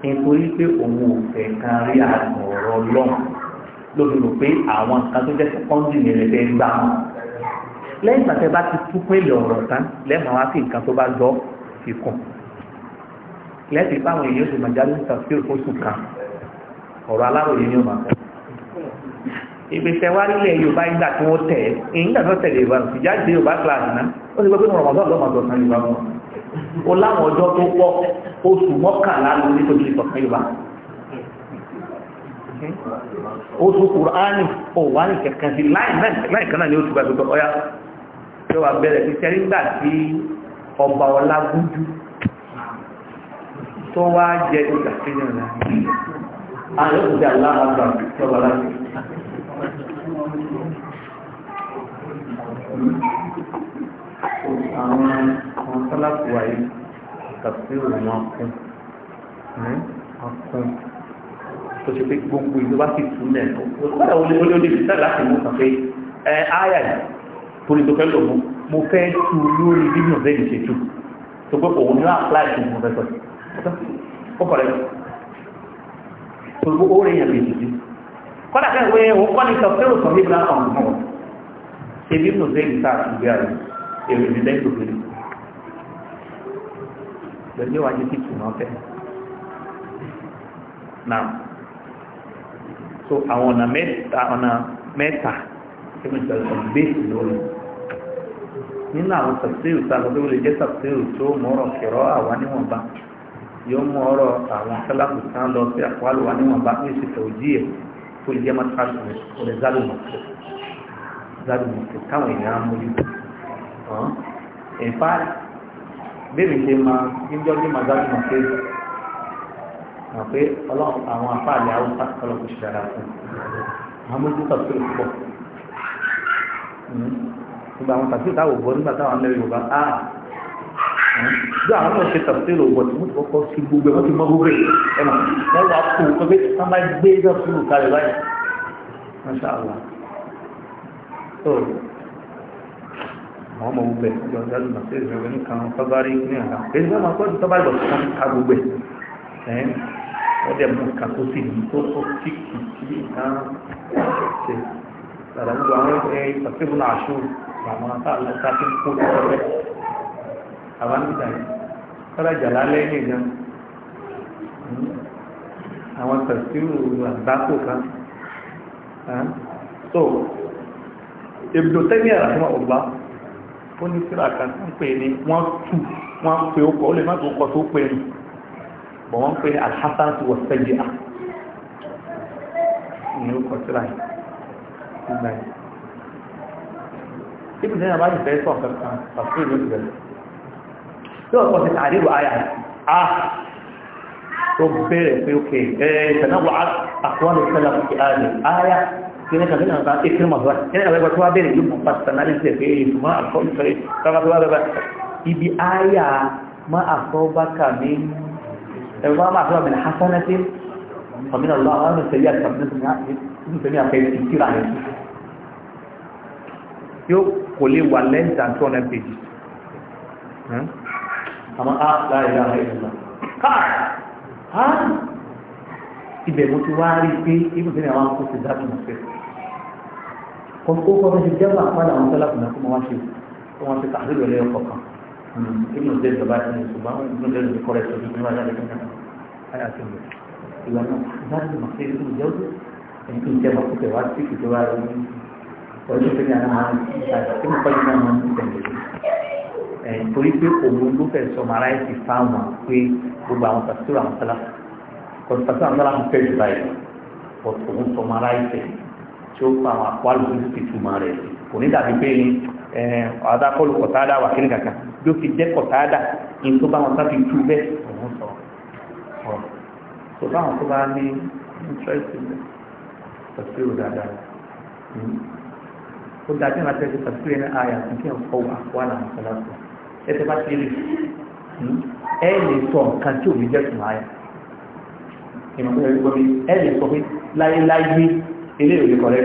nítorí pé òun ò fẹ́ kan rí àgbọ̀n ọ̀rọ̀ lọ́n lórí rò pé àwọn nǹkan tó jẹ́ sẹ́kọ́ndì ní ẹ̀rẹ́ gbà wọn lẹ́yìn ìgbà tẹ́ bá ti tú pé lọ́rọ̀ tán lẹ́mọ̀ wá sí nǹkan tó bá jọ fi kùn lẹ́sìn báwọn èèyàn ṣe màjálù tàfíò oṣù kan ọ̀rọ̀ aláròyé ni ó máa fẹ́ ìgbésẹ̀ wá nílẹ̀ yorùbá ìgbà tí wọ́n tẹ̀ ìgbà tí wọ́n tẹ̀lé yorùbá ìjà ìdí yorùbá kíláàsì náà ó ti gbọ́ pé rọmọdún ọ̀dọ́ màdùn ọ̀sán yorùbá wọn ó láwọn ọjọ́ tó pọ̀ oṣù mọ́kànlá ló ní tòjú ìtọ̀sán yorùbá oṣù kùránì ò wá ní kẹ̀kẹ́ sí láì kan náà ní oṣù gbàgbọ́ ọ̀yá tó wà bẹ̀rẹ̀ sí sẹ́rí ńgbà tí ọba ọlá gúdú tó wá jẹ ìgbà kíyàn náà àwọn òṣìṣẹ́ aláàbà tọ́wọ́ láti àwọn àwọn sálàpù wáyé tàbí òun akún hmm? akún tó ṣe pé gbogbo ìlú bá sì tún náà kọ́dà wọlé wọlé olè ìṣẹ́ láti mú kàn pé ẹ áyà torí tó fẹ́ lò mo fẹ́ tu lórí bí mi ò fẹ́ ìṣètù tó pé òun ní àpláì tó mo ó kọ̀rẹ́ tòlú ó rèyàn lè jìdí kọ́dà kẹ́ ìwé òun kọ́ ní sọ̀fẹ́rù sọ̀rọ̀ ìgbà ọ̀hún ọ̀hún ṣèbí nù sí ìta ìgbé àrùn èrò ìdílé tó fi rí lọ́jọ́ wájú sí ìtùnà ọ̀fẹ́ náà so àwọn ọ̀nà mẹ́ta ọ̀nà mẹ́ta ẹgbẹ́ ìjọba bẹ́ẹ̀sì lórí nínú àwọn sọ̀fẹ́rù sọ̀rọ̀ tó lè jẹ́ sọ̀fẹ́rù tó mọ́rọ̀ kẹ̀rọ àwọn níwọ̀nba yóò mú ọ̀rọ̀ àwọn sálàkù kan lọ sí àpáàlùwà níwọ̀n bá ní ìṣètò òjì ẹ̀ tó lè jẹ́ mọ́tàkì rẹ̀ zálùmọ̀tò káwọn èèyàn amójú ẹ̀fà bẹ́ẹ̀rẹ̀ ṣe máa níjọ́ ní máa zálùmọ̀tò mọ̀ pé ọlọ́run àwọn àpáàlẹ̀ haúsá ọlọ́kù ṣe dára fún àwọn amójú tọ̀sílù púpọ̀ hmm? nígbà àwọn tàbí ìdáwò bọ́ nígbà táwọn mẹ́rin yorùbá áà ah, gbọ́ àwọn ọ̀sẹ̀ tàbílò wọ̀ tí wọ́n ti kọ́kọ́ sí gbogbo ẹ̀ wọ́n ti mọ gbogbo ẹ̀ ẹ̀ mọ̀ wọ́n wá kó nǹkan pé wọ́n bá gbé ẹgbẹ́ fún un kalẹ̀ báyìí masha allah so àwọn ọmọ gbogbo ẹ̀ ọjọ́ ìdájọ́ náà ṣe ìrẹ̀wẹ̀ ní kan sábárí ní àná èyí wọ́n máa tọ́jú sábárí lọ́sọ̀ wọn ká gbogbo ẹ̀ ẹ̀ wọ́n dẹ̀ mú nǹkan tó sì ní tó tó tí kì í nǹkan ṣe tàbí àbámíta yìí sọ́lájà lálẹ́ ní ìjọ àwọn tẹ̀síwò àgbákò kan so ibùdó tẹ́lẹ̀ àràfíà ọ̀gbá ó ní síra kan tó ń pè ní wọ́n tù wọ́n pè ó kọ́ ó lè má tó kọ́ tó pè ní bọ̀ wọ́n pè alhassan tó wọ́n sẹ́jì á ní ó kọ́ síra yìí ibùdó tẹ́lẹ̀ àbájì bẹ́ẹ̀ sọ̀ kankan pàṣẹ ìlú ìbẹ̀rẹ̀ tí wọ́n kọ́ sí àríwá ayà á tó bẹ̀rẹ̀ pé ókè ẹ̀ẹ́sẹ̀náwó àkọọ́lù sẹ́lá fi ààrẹ ayá kí ní kàfí náà ìfẹ́ mọ̀ wá kí ní kàfí tó wá bẹ̀rẹ̀ yóò mọ̀ pàtàkì pé ìfúnmọ́ àkọọ́lù sẹ́lẹ̀ tọ́gbàtọ́gbàtọ́gbà ibi ayá ma àkọ́bákà mi ẹ̀rọ máa fẹ́ ọmọdé hasanatin ọmọdé ọlọ́ àwọn ìṣẹ̀lẹ̀ àtàkùnrin àfẹ́ ìtìrà rẹ̀ yóò kò lè wà lẹ́ǹtà àmọ́ á láìlá ẹ̀dùnmá káà á ibẹ̀ mo ti wá rí pé ibùdó ni àwọn akóso dáàbò náà fẹ́ kọ́kọ́ kọ́kọ́ ti jẹ́ wà padà àwọn tọ́lá kùnà kó máa ṣe kó máa ṣe tàbí ìrọ̀lẹ́ ọkọ̀ kan inú ìdè ìjọba ẹni ṣùgbọ́n inú ìdè ìjọba kọ́rẹ́ ìṣòro ìgbìmọ̀ ayáde kankan ayá ti lò ìwà náà dáàbò náà fẹ́ ìlú ìjọ́ ẹni tó ń jẹ́ ìjọba ẹni ọjọ́ pé ní àwọn àwọn ìṣàkóso Eh, torí pé òun ló fẹ́ sọmara ẹ̀ ti fáwọn pé gbogbo àwọn pàṣípàṣẹ àwọn sálà kò pàṣípàṣẹ àwọn sálà ń fẹ́ jù báyìí but òun sọmara ẹ̀ fẹ́ tí ó fa àwọn àpò àlùkò ti túmọ̀ rẹ̀ kò ní dàbí pé eh, adakọlù kọ̀tádà wà kíni kankan bí ó fi jẹ́ kọ̀tádà ní tó bá wọn sá fi tú bẹ́ẹ̀ òun sọ ọ̀ tó bá wọn tó bá ní interest bẹ́ẹ̀ pàṣípàṣẹ ò dáadáa hmm. ó dájú ní àtẹ̀sí pàṣípàṣẹ ní àyà kí n fọwọ́ àpò àlàmọ́ sálà sọ ẹsẹ̀ bá ti rí hmm? ẹ lè sọ nǹkan tí òbí jẹ́ sùn láyà ẹ lè sọ pé láyéláyé ilé ìwé kọ̀rẹ́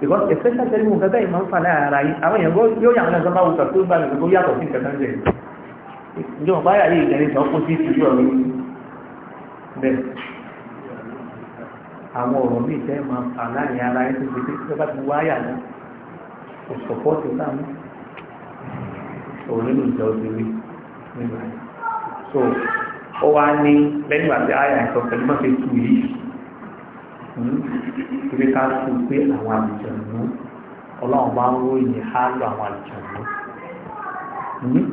because especially tẹ́lẹ̀ mú gẹ́gẹ́ ìmọ̀ ń fà láàárá yìí àwọn èèyàn yóò yàwọn ẹ̀sán bá wùsà tó ń bá mi gbogbo yàtọ̀ sí nǹkan tẹ́lẹ̀ ìjọba báyà yìí ìgbẹ̀rẹ̀ ìjọ kó sí ìtìjú ọ̀rọ̀ bẹ́ẹ̀ àwọn ọ̀rọ̀ míì tẹ́ máa fà láàárín ara yìí tó ti pé bá ti wáyà náà kò sọ̀pọ̀ tó náà òun nínú ìjọ òṣèré nínú ẹ̀ so ó wá ní lẹ́yìn àti àyà ìsọ pẹ̀lú má fi tù yìí ibi hmm, ká tù pé àwọn àlùjọ̀nù ọlọ́run bá ń ròyìn hálò àwọn àlùjọ̀nù hmm,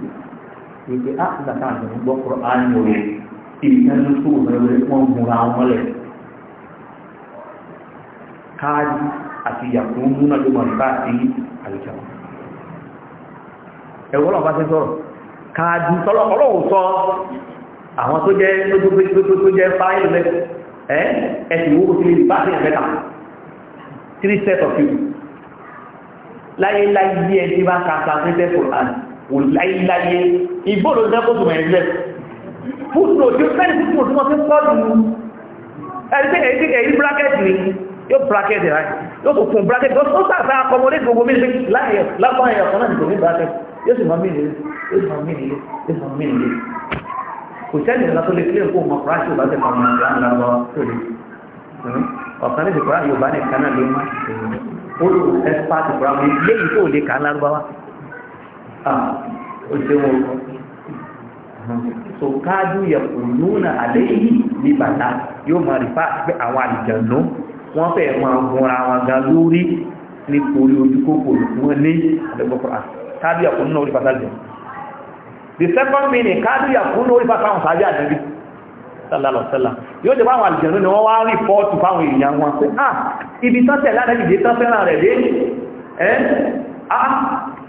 wípé á ti dàtà àjọ̀nù gbọ́ kúrò á ní òye ìdájọ́ tó wù lọ́wọ́ wọn múra wọn lẹ̀ káàdì àti ìyàtọ̀ múnádọ́gbọ̀n bá ti àlùjọ̀nù ẹ̀wọ́n náà bá ti sọ̀rọ̀ káàdì sọ́lọ́ ọlọ́run sọ àwọn tó jẹ́ tó jẹ́ fáìlì mẹ́ ẹ́ ẹ̀sìn owó sí bá sí ẹ̀mẹ́ta three set of you láyéláyé ẹ̀ tí bá ka translated for us wò láyéláyé ìgbóòrò jẹ́ kó tùmọ̀ ẹ̀rẹ́ fúùtò tí ó fẹ́ fúùtò tí wọ́n ti pọ̀ jù ẹ̀rí ẹ̀rí bracket ni yóò bracket rẹ̀ yóò fún bracket ó sàfẹ́ accommodate gbogbo mi láyé lápá ẹ̀yọ̀ kan náà yóò sì máa mí nílé yóò sì máa mí nílé yóò sì máa mí nílé kò sẹ́ni ìlànà tó lè kílẹ̀ kó mọ kúrásì ò bá tẹ̀ fọmọ ìlànà ìlànà lọ tó lè ọ̀kan lè kúrá yorùbá ní kaná ló má ó lò ẹ́sípáàtì kúrá mi léyìí tó lè kàn lárúbáwá ó ṣe wọn kọ so káájú yẹ̀kù lónà àléyìn ní bàtà yóò máa rí fáà pé àwọn àlìjànú wọ́n fẹ́ẹ̀ máa gunra wọn gan lórí nítorí ojú kòkòrò wọn ní àdégbòkúrá kadu ya kunu ori fasal de the second meaning kadu ya kunu ori fasal on saja nabi sallallahu alaihi wasallam yo de ba wa aljanu ni wọ́n wá report fa wọn èyàn wọn pé ah ibi tan te la nabi de tan fe ran re de eh ah, ah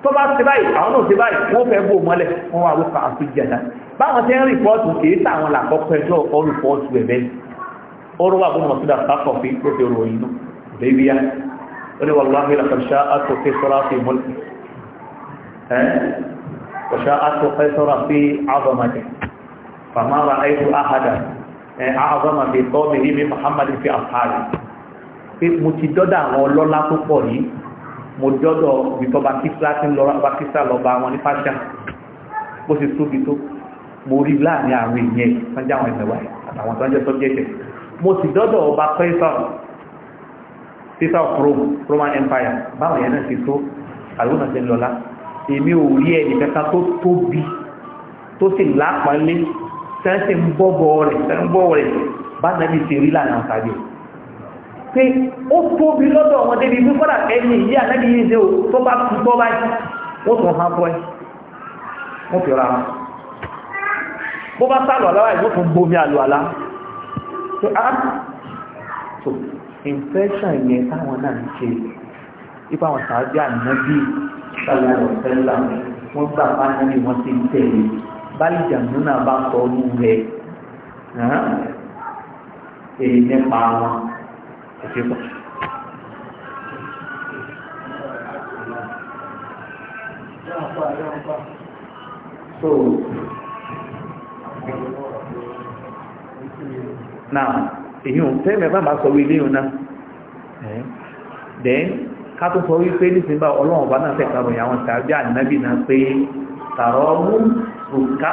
tó bá ṣe báyìí àwọn no ṣe báyìí wọ́n fẹ́ bo mole wọ́n wá wo fa asujada ba wọn ṣe report ke ta wọn la ko pejo o report we be oro wa bunu masuda ta ko fi ko te ro yin no debiya oni wallahi la qad sha'atu fi sirati mulki وشاءت قيصر في عظمته فما رأيت أحدا أعظم في قومه من محمد في أصحابه mo ti dọ́dọ̀ تقولي ọlọ́lá tó pọ̀ yìí mo dọ́dọ̀ ìbítọ́ bakisra tí ń lọ bakisra lọ bá wọn ní fásitì bó ṣe tóbi tó mo rí láàrin àwọn èèyàn sanjá àwọn ìmẹ̀wà àtàwọn tó ń jẹ́ sọ́jẹ́tẹ̀ mo ti dọ́dọ̀ ọba pẹ́sà pẹ́sà of Rome Roman Empire báwọn yẹn náà ti tó àlùkò náà ti ń èmi ò rí ẹnìkẹta tó tóbi tó sì lápàálé tẹ́sẹ̀ ń bọ́bọ̀ rẹ̀ tẹ́sẹ̀ rẹ̀ bá nàbí ti rí lànà tàbí pé ó tóbi lọ́dọ̀ wọn débi mú kọ́dà ẹni ìyí ànábì yìí ṣe tó bá kú bọ́ báyìí ó tún hàn fún ẹ wọ́n fi ra bó bá sálọ̀ aláwà yìí ó tún gbomi àlọ́ àlá pé á ah! so infection yẹn táwọn náà ń ṣe ipa àwọn tàbí ànábì sálà ọ̀sẹ́là wọ́n gbà bá níbi wọ́n ti ń tẹ̀lé báyìí jàǹdù náà bá sọ ọdún rẹ̀ èyí nípa wọn ẹ̀ṣẹ̀ pọ̀. So, now, èyí ò tẹ́lẹ̀ bá bá sọ wí léyìn náà. Then, ká tó sọ wípé nísìnyíbá ọlọ́run ọba náà fẹ́ karùn-ún àwọn tàbí ànábì náà pé tààrọ̀ mú òkà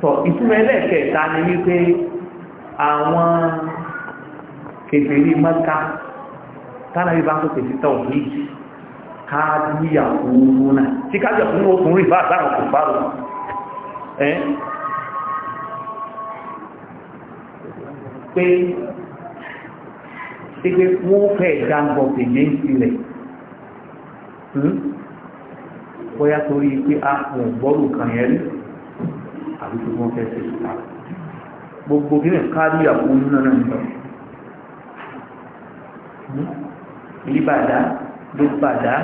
tọ̀ ìtumọ̀ ẹlẹ́ẹ̀kẹta ni wípé àwọn kèfèrí mọ́ká tánàbí bá tó pèsè tọ̀ yìí káàdìyà oòrùn náà tí káàdìyà fún ọkùnrin bá dáwọn kò pé wọ́n fẹ́ dáńgọ̀ tèlé sílẹ̀ hmm? bóyá torí pé a pọ̀ bọ́ọ̀lù kan yẹn rí àbí tó wọ́n fẹ́ ṣe ìta gbogbo gíní kárí àpò nínú náà lọ ìbàdá hmm? ló bàdá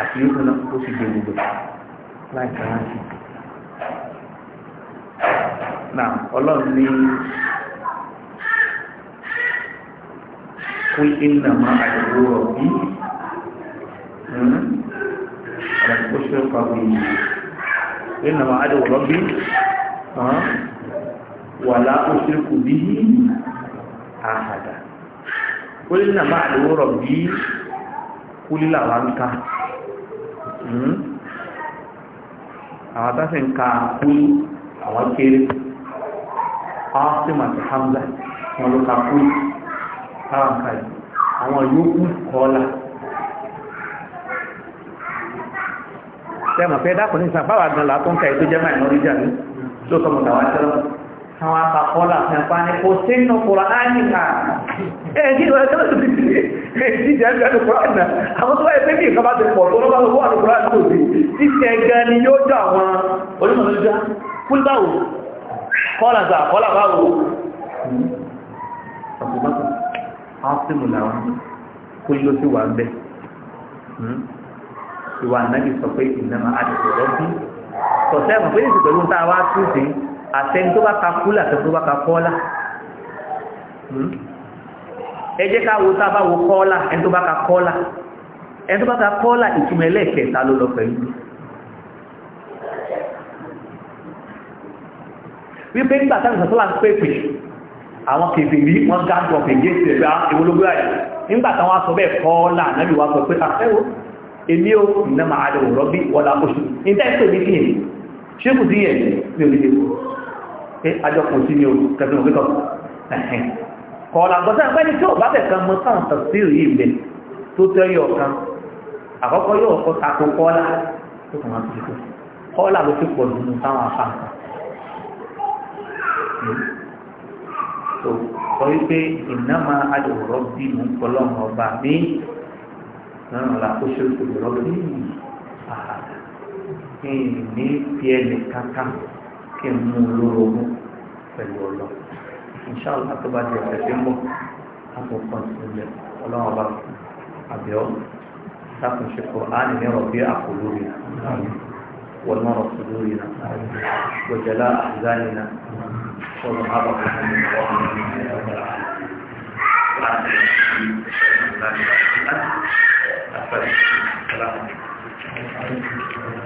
àti yóò náà ó sì gbogbo láìka láìka náà ọlọ́run ní قل إنما أدعو ربي ألم أشرق بي إنما أدعو ربي ولا أشرك به أحدا قل إنما أدعو ربي قل لا وانك àwọn tó ń ka kúlù àwọn kéré ọ́sìmọ̀ àti hamza wọn ló ka kúlù táwọn ká yìí àwọn yòókù kọ́lá tẹ́mọ̀ fẹ́ dákùn ní ìsàn báwà gan látún ká ètò jẹ́mà ìnọ́ríjà ní tó sọmọ tàwà tẹ́lọ àwọn akàkọ́lá fẹ́fà ní kò sínú kòrò áníkà ẹ̀ẹ́dí ìwọ̀n tẹ́lọ tó ti sí ẹ̀ẹ́dí ìjẹ́ ìjẹ́ ìjẹ́ ìjẹ́ àwọn tó wáyé pé kí ìkọba ti pọ̀ tó lọ́gbà tó ásìmù làwọn kó ló sì wà ń bẹ hmm? ìwà ànábì sọ pé ìnáma àdìsọ̀rọ̀ bí sọ̀tẹ́ ẹ̀mọ̀ pé èsì pẹ̀lú táwa tún sí àtẹni tó bá ka kúlà àtẹni tó bá ka kọ́ọ́lá hmm? ẹ jẹ́ ká wo tá a bá wo kọ́ọ́lá ẹni tó bá ka kọ́ọ́lá ẹni tó bá ka kọ́ọ́lá ìtumọ̀ ẹlẹ́ẹ̀kẹta ló lọ pẹ̀lú wípé nígbà táwọn ìsọ̀tọ́ là àwọn kèfèrí wọ́n dájọ́ pèjé ìsẹ̀gbà ìwọlógún àyà nígbàtà wọ́n sọ bẹ́ẹ̀ kọ́ọ́lá náàbí wọ́n sọ pé àfẹ́wò ah, èmi ò nà máa rẹ̀ rọ́bí wọ́lá oṣù ìtẹ́ẹ̀tẹ̀ ni o kẹfìmọ̀ pẹ́kọ̀ kọ́ọ̀lá gbọ́sẹ̀ pẹ́ ní tí ò bá fẹ̀ kan mọ́ sáwọn tàbísírì yìí bẹ̀ tó tẹ́ yọ kan àkọ́kọ́ yóò kọ́ tako kọ́ọ̀lá tó kàn wọ́n ti kọ́ kọ́ọ̀lá ló fi pọ̀ nínú táwọn afáàkàn tó sọ wípé ìnáma adòwòrọ́ bí mò ń kọ́lọ́ ọmọ ọba mi náà la kó ṣe òṣèlú rọ́bì àhàdà kí n ní fi ẹnì kankan kí n mú un lórogún pẹ̀lú ọlọ inṣàlá tó bá di ọ̀sẹ̀ tí ń bọ̀ àkókò ìṣẹ̀lẹ̀ ọlọ́run ọba àbíọ́ ṣàkóso Qur'an ní rọ̀bì àkóló rẹ̀ wọ́n náà rọ̀ sódó rẹ̀ wọ́n jẹ́lá àzáyé náà. والصحابة السلام عليكم